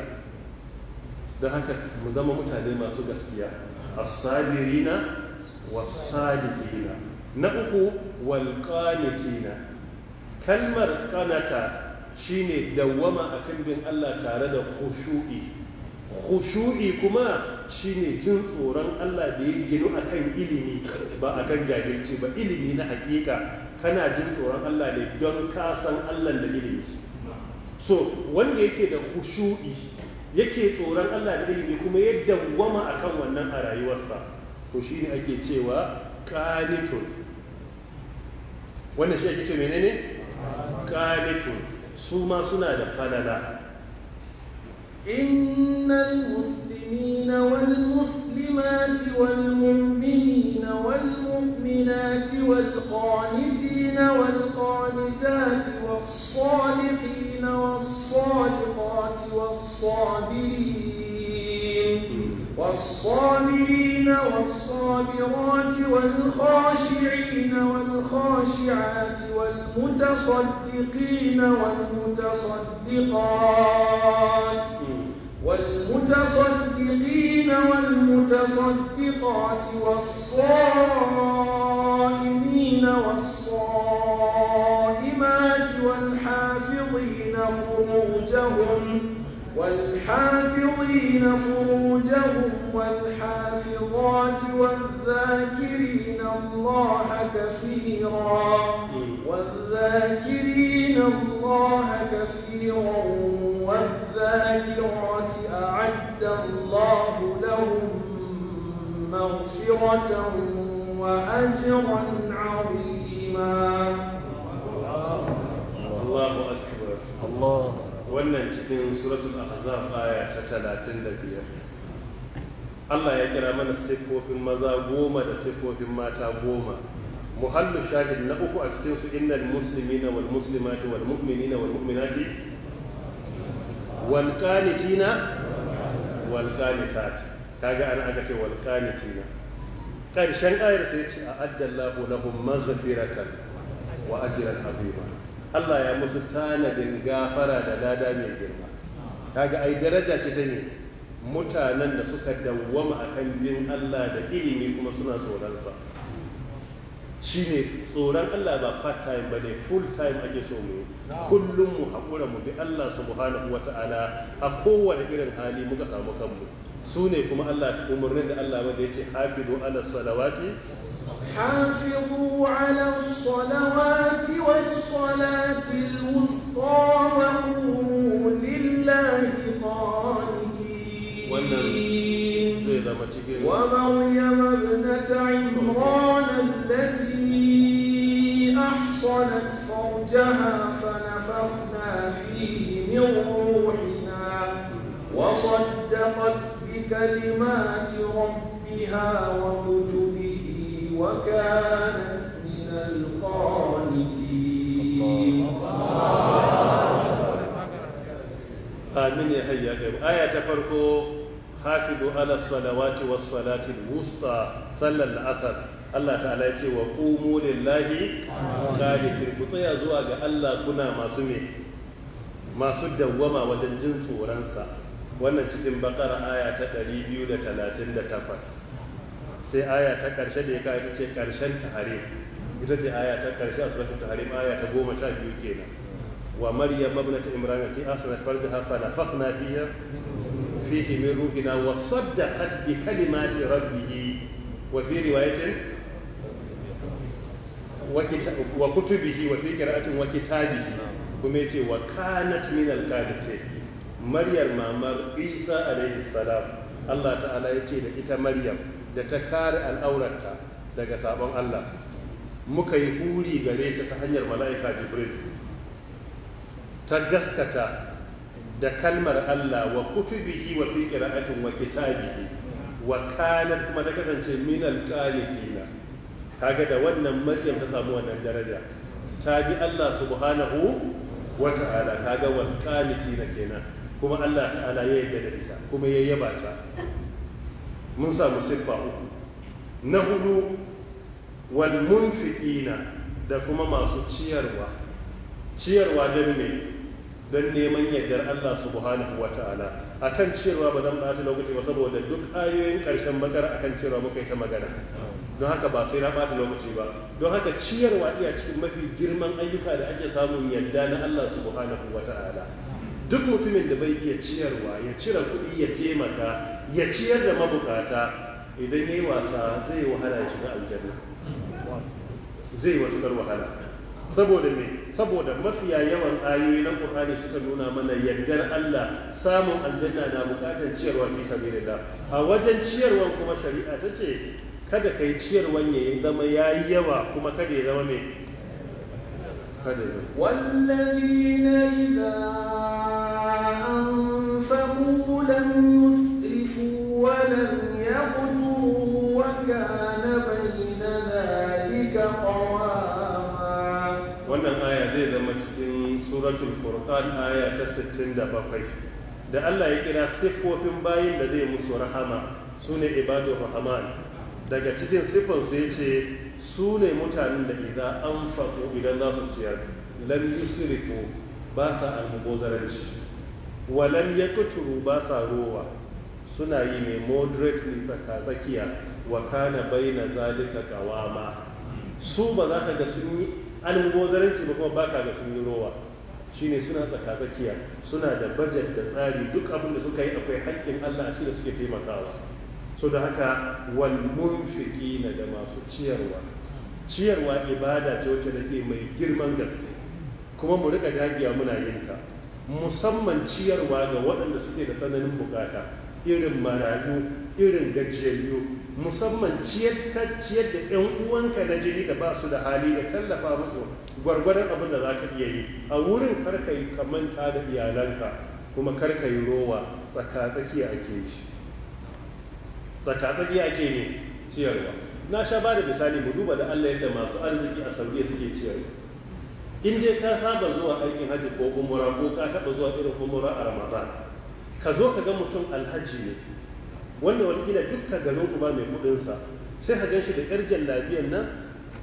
don haka mu zama mutane masu gaskiya as-sabirina was-sadiqina na uku wal qanitina kalmar qanata shine dawwama akan bin Allah tare da khushu'i khushu'i kuma shine jin tsoron Allah da ya ginu akan ilimi ba akan jahilci ba ilimi na hakika kana jin tsoron Allah ne don ka san Allah da ilimi so wanda yake da khushu'i yake tsoron Allah da ilimi kuma ya dawwama akan wannan a rayuwarsa to shine ake cewa qanitun wannan shi ake ce menene qanitun su ma suna da falala إن المسلمين والمسلمات والمؤمنين والمؤمنات والقانتين والقانتات والصادقين والصادقات والصابرين والصابرين والصابرات والخاشعين والخاشعات والمتصدقين والمتصدقات والمتصدقين والمتصدقات والصائمين والصائمات والحافظين فروجهم والحافظين فروجهم والحافظات والذاكرين الله كثيرا والذاكرين الله كثيرا الذاكرة أعد الله لهم مغفرة وأجرا عظيما الله أكبر الله wannan cikin suratul ahzab aya ta talatin da biyar Allah ya kira mana siffofin maza goma da siffofin mata goma muhallu shahid na uku a cikin su innal muslimina wal muslimati wal mu'minina wal mu'minati walƙanitina Ta kaga ana aka ce walƙanitina ƙarshen ƙayar sai ce a addallahu lahum maghfiratan wa ajran azima Allah ya musu tanadin gafara da lada mai girma kaga ai daraja ce ta ne mutanen da suka dawwama akan bin Allah da ilimi kuma suna tsoron sa shine tsoron Allah ba part time ne full time ake so mu kullum mu haƙura mu bi Allah subhanahu wata'ala a kowane irin hali muka samu kanmu su ne kuma Allah umarnin da Allah wanda yace hafizu ala salawati hafizu ala salawati was salati al-wusta wa lillahi qanitin wannan zai zama cikin wa ibnata بكلمات ربها وكتبه وكانت من القانتين آمين يا حي آية فرقو hafidu ala salawati was salati wusta sallar la'asar Allah ta'ala ya ce wa qumu lillahi qanitin ku tsaya zuwa ga Allah kuna masu me masu dawwama wajen jin tsoron sa wannan cikin bakara aya ta 238 sai aya ta ƙarshe da ya kawo ita ce ƙarshen taharim ita ce aya ta ƙarshe a ta taharim aya ta goma sha biyu kenan wa maryam ibnat imran allati ahsanat farjaha fa nafakhna fiha fihi min ruhina wa saddaqat bi kalimati rabbih wa fi riwayatin wa kutubihi wa fi qira'atin wa kitabihi kuma yace wa kanat min al-qanitin maryar mamar isa alaihi salam allah ta'ala ya ce da ita maryam da ta kare al'aurarta daga sabon allah muka yi huri gare ta ta hanyar mala'ika jibril ta gaskata da kalmar allah wa bihi wa fi qira'atin wa kitabihi wa kanat kuma ta kasance minal qanitina kaga da wannan maryam ta samu wannan daraja ta bi allah subhanahu wa ta'ala kaga wal qanitina kenan kuma Allah ta'ala ya yadda da ita kuma ya yaba ta mun samu siffa uku na hudu wal munfiqina da kuma masu ciyarwa ciyarwa don ne don neman yardar Allah subhanahu wa ta'ala akan ciyarwa ba zan bata lokaci ba saboda duk ayoyin karshen bakar akan ciyarwa muka yi ta magana don haka ba sai na bata lokaci ba don haka ciyarwa iya cikin mafi girman ayyuka da ake samun yarda na Allah subhanahu wa ta'ala duk mutumin da bai iya ciyarwa ya cire kuɗi ya taimaka ya ciyar da mabukata idan ya yi wasa zai wahala ya shiga aljanna zai wahala saboda me saboda mafiya yawan ayoyi na qur'ani suka nuna mana yardar Allah samun aljanna na bukatar ciyarwa fi sabilillah a wajen ciyarwan kuma shari'a ta ce kada kai ciyarwan ya zama yayi yawa kuma kada ya zama mai والذين إذا أنفقوا لم يسرفوا ولم يقتروا وكان بين ذلك قواما wannan aya zai zama cikin suratul furqan aya ta sittin da bakwai. Da Allah ya kira siffofin bayin da zai musu rahama sune ibadur rahman daga cikin siffansu yace su ne mutanen da idan an faɗo idan za su ciyar lam yusrifu ba sa almubazaranci wa lam yakuturu ba sa rowa suna yi ne moderately tsaka-tsakiya wa kana baina zalika kawama su ba za ka ga sun yi almubazaranci ba kuma ba ka ga sun yi rowa shine suna tsaka-tsakiya suna da budget da tsari duk abin da suka yi akwai haƙƙin Allah shi da suke taimakawa so da haka wal na da masu ciyarwa ciyarwa ibada ce wacce take mai girman gaske kuma mu rika dagiya muna yin ta musamman ciyarwa ga waɗanda suke da tsananin bukata irin marayu irin gajiyayyu musamman ciyar da 'yan uwanka na jini da ba su da hali da tallafa musu gwargwaron abin da za ka iya yi a wurin karka yi kamanta da iyalanka kuma karka yi rowa tsaka tsakiya ake shi tsakatsaki ake ne ciyarwa na sha ba da misali mu duba da Allah yadda masu arziki a Saudiya suke ciyarwa in dai ka saba zuwa aikin hajji ko umura ko ka taba zuwa irin umura a Ramadan ka zo ka ga mutum alhaji ne wanda wani gida dukkan garin kuma mai kudin sa sai ka ganshi da yar jallabiyan nan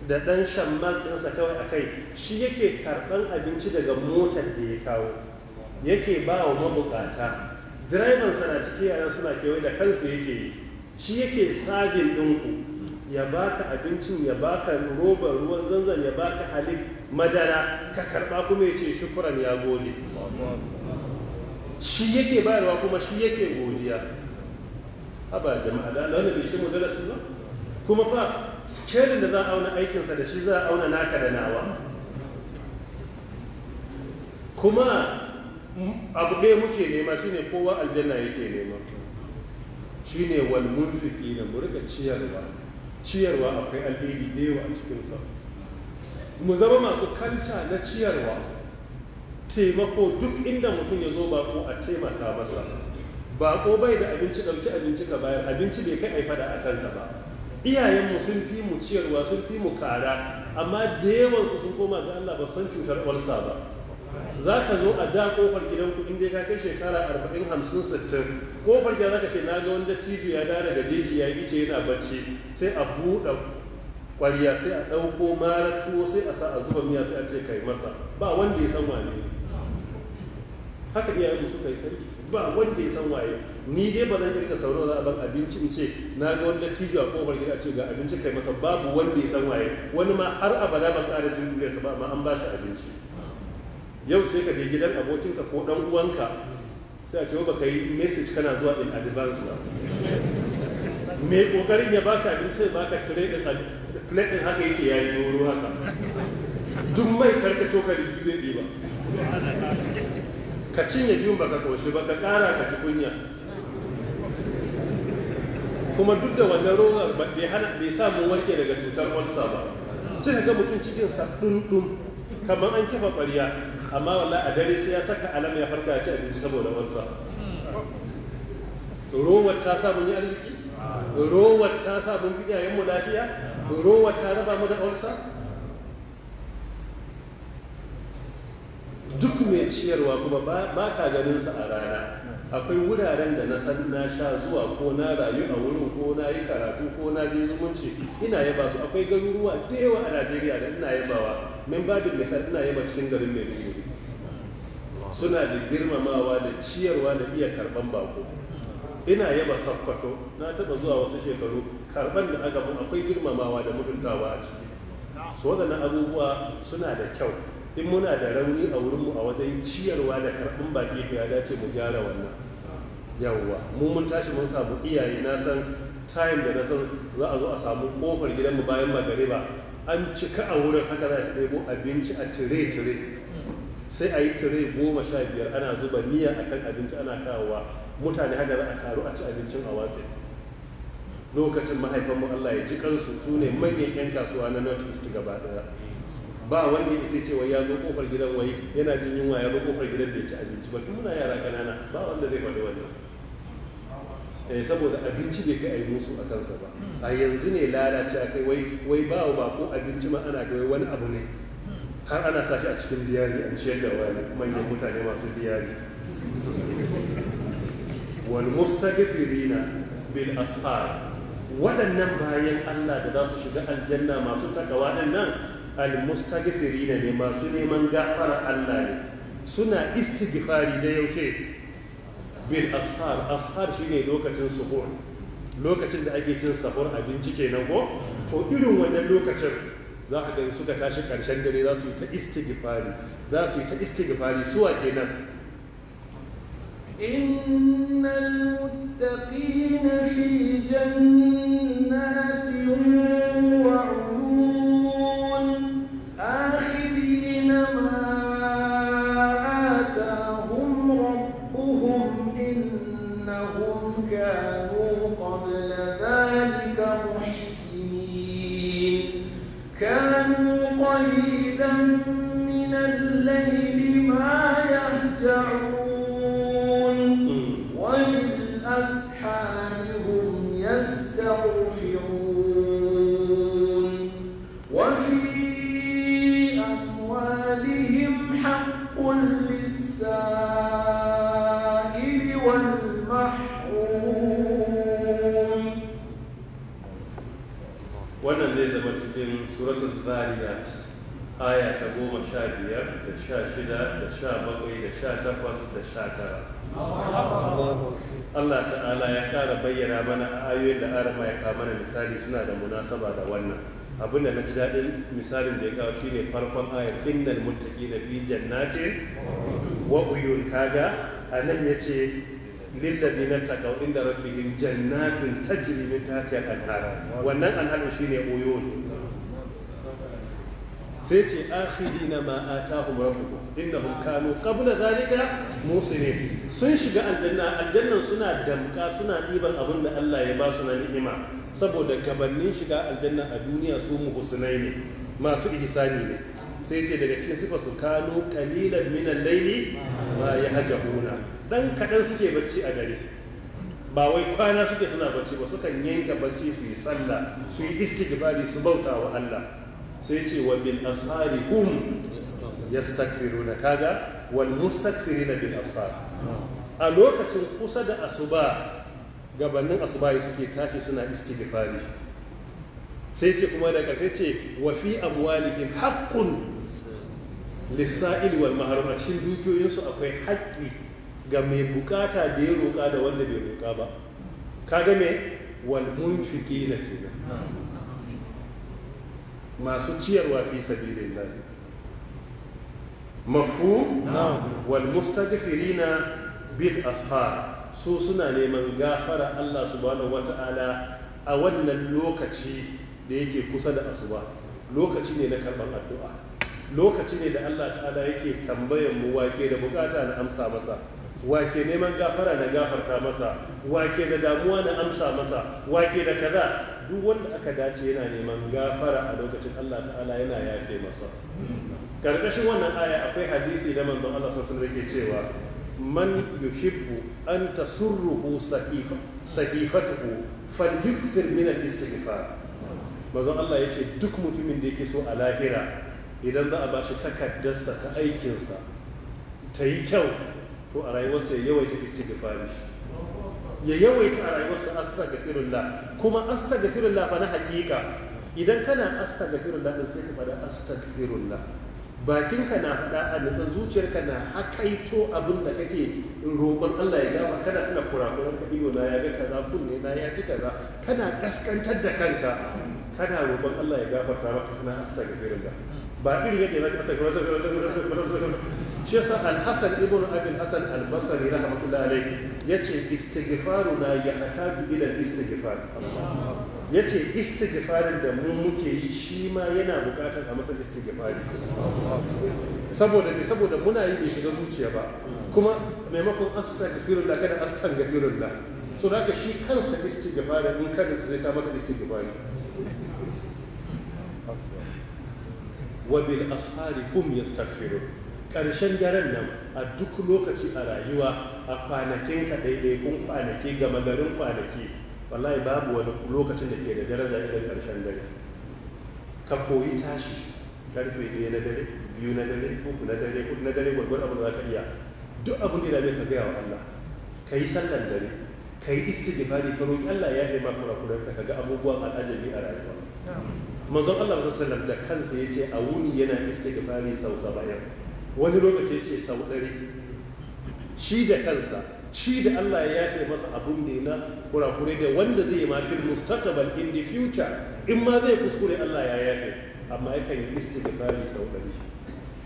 da dan shamman ɗinsa kawai a kai shi yake karɓan abinci daga motar da ya kawo yake ba wa mabukata direban sana ciki yaran suna kewaye da kansa yake yi shi yake sabin ɗinku ya baka abincin ya baka roba ruwan zanzan ya baka halin madara ka karba kuma ya ce shukuran ya gode shi yake bayarwa kuma shi yake godiya haba jama'a da bai shi mu darasi ba kuma fa skelin da za a auna aikinsa da shi za a auna naka da nawa kuma abu ɗaya muke nema shine kowa aljanna yake nema shine wal munfiki mu rika ciyarwa ciyarwa akwai alheri da yawa a cikinsa mu zama masu kalca na ciyarwa taimako duk inda mutum ya zo bako a taimaka masa bako bai da abinci ɗauki abinci ka bayar abinci bai kai aifada a kansa ba iyayenmu sun fi mu ciyarwa sun fi mu kara amma da yawansu sun koma ga Allah ba san cutar olsa ba za ka zo a da kofar gidanku inda ka kai shekara arba'in hamsin sittin kofar gida za ka ce na ga wanda dattijo ya da daga jeji ya yi ce yana bacci sai a buɗe ƙwarya sai a ɗauko mara tuwo sai a sa a zuba miya sai a ce kai masa ba wanda ya san wane haka iyayenmu suka yi kai ba wanda ya san waye ni dai ba zan irka sauro za a ban abinci in ce na ga wanda dattijo a kofar gida ce ga abinci kai masa babu wanda ya san waye wani ma har abada ban ƙara jin ba amma an ba shi abinci yau sai ka je gidan abokinka ko dan uwanka sai a ce ba ka yi message kana zuwa in advance ba me kokarin ya baka abin sai baka tire da plate din haka yake yayi doro haka duk mai karka cokali biyu zai ba ka cinye biyun baka koshi ba ka kara ka ci kunya kuma duk da wannan rogar bai hana bai samu warke daga cutar ulcer ba sai ka ga mutum cikin sa dum kamar an kifa ƙwarya amma wallahi a dare sai ya saka alama ya farka ya ci abinci saboda wansa rowar ta sa mun yi arziki rowar ta sa mun fi mu lafiya rowar ta raba mu da wansa duk mai ciyarwa kuma ba ka ganin sa a rana akwai wuraren da na san na sha zuwa ko na rayu a wurin ko na yi karatu ko na je zumunci ina yaba su akwai garuruwa da yawa a najeriya da ina yabawa min da misal ina yaba cikin garin mai maiduguri suna da girmamawa da ciyarwa da iya karban bako ina yaba sakkwato na taba zuwa wasu shekaru karban da aka akwai girmamawa da mutuntawa a ciki su waɗannan abubuwa suna da kyau in muna da rauni a wurinmu a wajen ciyarwa da karɓin baƙi to ya dace mu gyara wannan yawwa mu mun tashi mun samu iyaye na san time da na san za a zo a samu ƙofar gidanmu bayan magariba an cika a wurin haka za su ɗebo abinci a tire-tire sai a yi tire goma sha biyar ana zuba miya a kan abinci ana kawowa mutane haka za a taru a ci abincin a watsi lokacin mahaifinmu allah ya ji kansu su ne manyan 'yan kasuwa na north east gaba ɗaya ba wanda ya sai cewa ya zo kofar gidan wai yana jin yunwa ya zo kofar gidan da ya ci abinci ba tun muna yara kanana ba wanda zai faɗi wannan eh saboda abinci bai kai ayi musu a kansa ba a yanzu ne lalace a kai wai wai ba wa ko abinci ma ana kai wani abu ne har ana sashi a cikin diyari an ciyar da wani manyan mutane masu diyari wal mustaghfirina bil ashar waɗannan bayan Allah da za su shiga aljanna masu takawa nan almustaghfirina ne masu neman gafara Allah ne suna istighfari da yaushe bil ashar ashar shine lokacin suhur lokacin da ake cin sahur abinci kenan ko to irin wannan lokacin za ka ga suka tashi karshen dare za su yi ta istighfari za su yi ta istighfari suwa kenan إن المتقين في جنات وعيون يرجعون وللأسحار يستغفرون وفي أموالهم حق للسائل والمحروم وانا ليه دمت بين سورة الذاريات aya ta goma sha biyar da sha shida da sha bakwai da sha takwas da sha tara Allah ta'ala ya ƙara bayyana mana a ayoyin da arama ya kama da misali suna da munasaba da wannan abin da na ji daɗin misalin da ya kawo shi ne farkon ayar mutaki na fi jannatin wa uyun kaga anan yace na takau, inda rabbihim jannatin tajri min tahtiha al Wannan wannan shi ne uyun sai ce akhidina na atahum rabbuhum innahum kanu qabla zalika ne. sun shiga aljanna aljannan suna damka suna ɗiban abin da Allah ya ba su na ni'ima saboda gabanin shiga aljanna a duniya su muhsinai ne masu ihsani ne sai ce daga cikin sifa su kanu qalilan min al-layli ma yahjabuna dan kadan suke bacci a gari. ba wai kwana suke suna bacci ba sukan yanke bacci su yi sallah su yi istighfari su bauta wa Allah sai ce wa bin bil ashari hum yastakbiruna kaga wal na bin asari a lokacin kusa da asuba gabanin asuba suke tashi suna fari. sai ce kuma daga sai ce wa fi amwalihim haqqun lissa'il wal mahrum dukiyoyinsu akwai haƙƙi ga mai bukata da ya roƙa da wanda bai roƙa ba kaga me wal munfiqina kenan masu ciyarwa fi sabilillah Mafu, wal mustaghfirina bil ashar su suna neman gafara Allah subhanahu wata'ala a wannan lokaci da yake kusa da asuba lokaci ne na karɓar addu'a lokaci ne da Allah ta'ala yake tambayar mu wake da bukata na amsa masa wake neman gafara na gafarta masa wake da damuwa na amsa masa wake da kaza duk wanda aka dace yana neman gafara a lokacin Allah ta'ala yana yafe masa karkashin wannan aya akwai hadisi da manzon Allah sallallahu alaihi wasallam cewa man yuhibbu an tasurruhu sahifa sahifatuhu falyukthir min al-istighfar manzon Allah yace duk mutumin da yake so a lahira idan za a bashi takaddarsa ta aikinsa ta yi kyau to a rayuwarsa ya yawaita istighfari ya yawaita a rayuwarsa astaghfirullah kuma astaghfirullah ba na hakika idan kana astaghfirullah din sai ka faɗa astaghfirullah bakinka na fada a nutsan zuciyarka na hakaito abin da kake roƙon Allah ya gama kana suna kurakuran ka iyo na ya ga kaza kunne na ya ci kaza kana gaskantar da kanka kana roƙon Allah ya gafarta maka kana astaghfirullah ba irin yadda na astaghfirullah shi yasa al-hasan ibn abul hasan al-basri rahmatullahi ya yace istighfaruna yahtaju ila istighfar yace istighfarin da mu muke yi shi ma yana bukatar a masa istighfari saboda me saboda muna yi bai shiga zuciya ba kuma maimakon astaghfirullah kada astaghfirullah so da haka shi kansa istighfarin in kada su zai ka masa istighfari wa bil ashari hum yastaghfirun ƙarshen daren nan a duk lokaci a rayuwa a kwanakin ka ɗaiɗaikun kwanaki gama garin kwanaki wallahi babu wani lokacin da ke da daraja irin ƙarshen dare ka koyi tashi karfe ɗaya na dare biyu na dare uku na dare uku na dare gwargwar abin da ka iya duk abin da ya ka gaya wa Allah ka yi sallan dare ka yi istighfari ka roƙi Allah ya nema kura kura ka ga abubuwan al'ajabi a rayuwa manzon Allah sallallahu alaihi wasallam da kansa yace a wuni yana istighfari sau 70 wani lokaci ce sau ɗari shi da kansa shi da Allah ya yafe masa abun da na kurakure da wanda zai ma fil mustaqbal in the future in ma zai kuskure Allah ya yafe amma yakan yi istighfari sau ɗari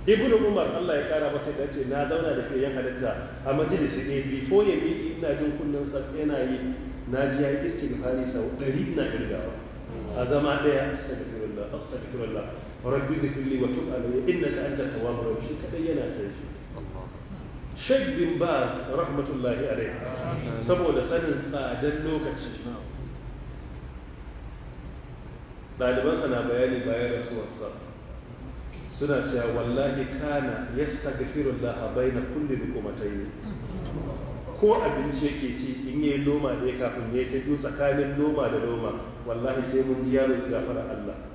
ibn umar Allah ya kara masa da ce na zauna da ke yan halitta a majalisi ne before ya miƙi ina jin kunnen sa yana yi na ji ya yi istighfari sau ɗari ina irgawa a zama ɗaya astaghfirullah astaghfirullah rabbi da fili wa tub alayya ka anta tawwabur shi kadai yana tare shi Sheikh bin Baz rahmatullahi alayhi saboda sanin tsadan lokaci ɗalibansa na bayani bayan rasuwarsa suna cewa wallahi kana yastaghfirullah baina kulli luqmatayn ko abinci yake ci in yi da ya kafin ya ta biyu tsakanin noma da noma, wallahi sai mun ji yaro gafara Allah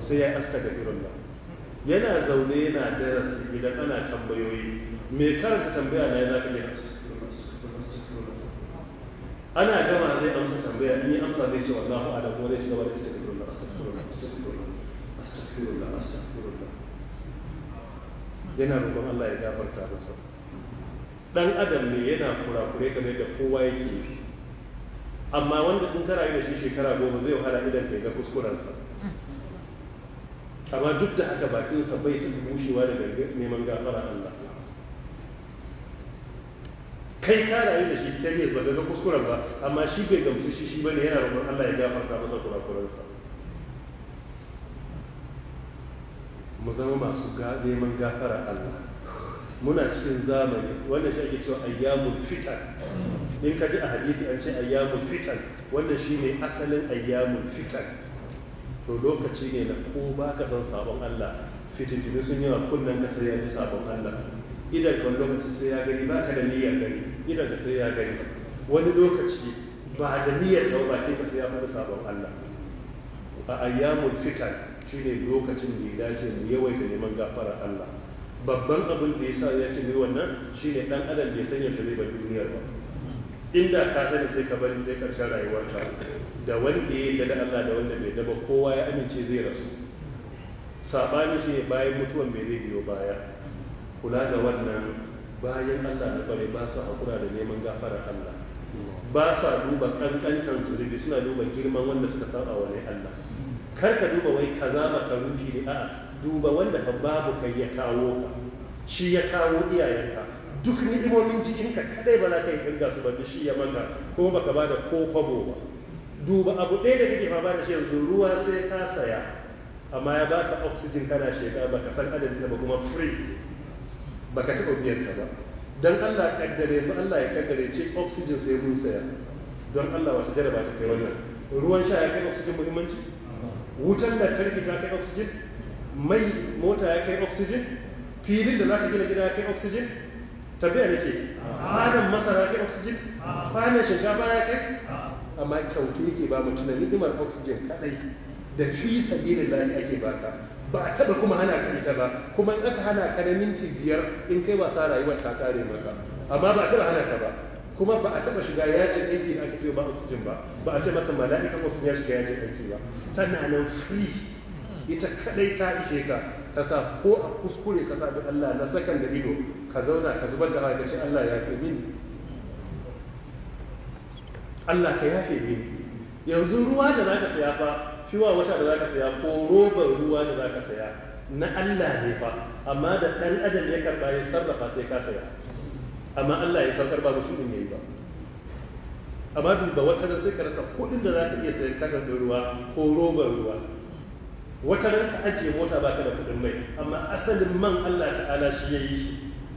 sai ya astaghfirullah yana zaune yana darasi idan ana tambayoyi me karanta tambaya na yana kaje ana gama zai amsa tambaya in yi amsa zai ce wallahu ala ko zai shiga wani astaghfirullah astaghfirullah astaghfirullah astaghfirullah astaghfirullah yana roƙon Allah ya gafarta masa dan adam ne yana kurakure game da kowa yake amma wanda in ka rayu da shi shekara goma zai wahala idan bai ga kuskurensa amma duk da haka bakinsa bai ta bushewa daga neman gafara Allah kai ka rayu da shi ten years ba daga kuskuren ba amma shi bai gamsu shi shi bane yana roƙon Allah ya gafarta masa kurakuransa mu zama masu neman gafara Allah muna cikin zamani Wanda shi ake cewa ayyamul fitan in ka ji a hadisi an ce ayyamul fitan shi shine asalin ayyamul fitan to lokaci ne na ko ba ka san sabon Allah fitintini sun yi wa kunnen ka sai ya ji sabon Allah idan wani lokaci sai ya gani ba ka da niyyar gani idan ka sai ya gani wani lokaci ba da niyyar da baki ke sai ya fada sabon Allah a ayyamul fitan shine lokacin da ya dace mu yawaita neman gafarar Allah babban abin da ya sa ya ce mai wannan shine dan adam bai sanya shi zai bar duniyar ba inda ka sani sai ka bari sai karshen rayuwarka da wanda ya yarda da Allah da wanda bai daba kowa ya amince zai rasu sabani shi bayan mutuwan mai zai biyo baya kula da wannan bayan Allah na bare ba su hakura da neman gafara Allah ba sa duba kankancan zunubi suna duba girman wanda suka saba wa Allah kar ka duba wai ka ba ka rushe ne a'a duba wanda ka babu kai ya kawo ka shi ya kawo iyayenka duk ni'imomin jikinka kadai ba za ka yi kirga su ba shi ya maka ko baka ba da ko ba duba abu ɗaya da kake fama da shi yanzu ruwa sai ka saya amma ya baka oxygen kana sheka baka san adadin ba kuma free baka taɓa biyan ta ba don Allah kaddare ba Allah ya kaddare ce oxygen sai mun saya don Allah wata jaraba ta kai wannan ruwan sha ya kai oxygen muhimmanci wutan lantarki ta kai oxygen mai mota ya kai oxygen filin da za gina gida ya kai oxygen tabiya nake adam masara ya kai oxygen kwanan shinkafa ya kai amma kyauta yake ba mutum da ni'imar oxygen kadai da fi sabilin lahi ake baka ba a taba kuma hana ka ita ba kuma in aka hana ka na minti biyar in kai wasa rayuwar ta kare maka amma ba a taba hana ka ba kuma ba a taba shiga yajin aiki da aka ce ba oxygen ba ba a ce maka mala'ika ko sun ya shiga yajin aiki ba tana nan free ita kadai ta ishe ka kasa ko a kuskure ka sa Allah na sakan da ido ka zauna ka zubar da hawa ka ce Allah ya fi mini Allah ka yafe mini yanzu ruwa da zaka saya fa fiwa wata da zaka saya ko roban ruwa da zaka saya na Allah ne fa amma da ɗan adam ya karba ya sarrafa sai ka saya amma Allah ya saukar ba mutum ya yayi ba amma duba wata ran sai ka rasa kuɗin da zaka iya sayan katar da ruwa ko roban ruwa wata ran ka ajiye mota ka da kuɗin mai amma asalin man Allah ta'ala shi ya yi shi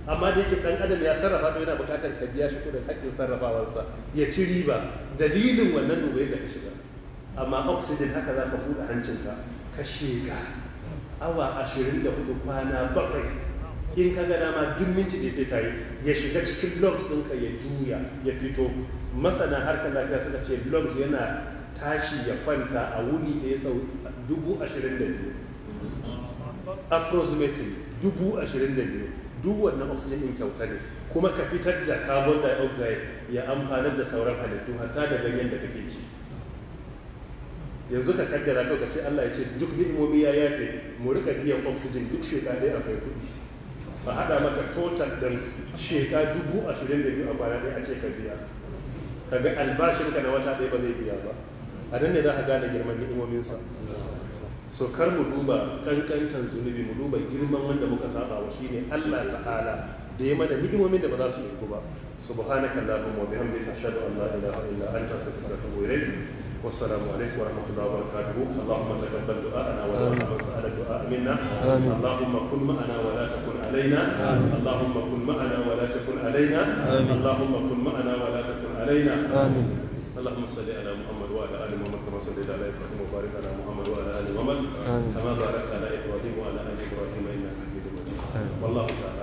amma da yake dan adam ya sarrafa to yana bukatar ka biya shi kudin haƙƙin sarrafawarsa ya ci riba dalilin wannan dubai da ka shiga amma oxygen haka za ka buɗe hancinka ka shiga awa ashirin kwana bakwai in ka ga ma duk minti da sai tayi ya shiga cikin lungs ɗinka ya juya ya fito masana harkar lafiya suka ce lungs yana tashi ya kwanta a wuri da ya sau dubu ashirin da approximately dubu ashirin duk wannan oxygen din kyauta ne kuma ka fitar da carbon dioxide ya amfanar da sauran halittu hatta da ganyen da kake ci yanzu ka kaddara kai ka ce Allah ya ce duk ni'imomi ya yafe mu rika biyan oxygen duk shekara dai akwai kuɗi ba haɗa maka total ɗin shekara dubu ashirin da biyu a kwana ɗaya a ce ka biya kaga ka na wata ɗaya ba zai biya ba a nan ne za ka gane girman ni'imominsa so kar mu duba kankantan zunubi mu duba girman wanda muka saba wa shine Allah ta'ala da ya mana hidimomin da ba za su yi ba subhanaka allahumma wa bihamdika ashhadu an la ilaha illa anta astaghfiruka wa atubu ilayk wa assalamu alaykum wa rahmatullahi wa barakatuh allahumma taqabbal du'ana wa la ta'ala du'a minna allahumma kun ma'ana wa la takun kun اللهم كن معنا ولا تكن علينا اللهم كن معنا ولا تكن علينا آمين اللهم صل على محمد وعلى ال محمد كما صليت على ابراهيم وبارك على محمد وعلى ال وعمل كما بارك على ابراهيم وعلى ال ابراهيم انك حميد مجيد والله تعالى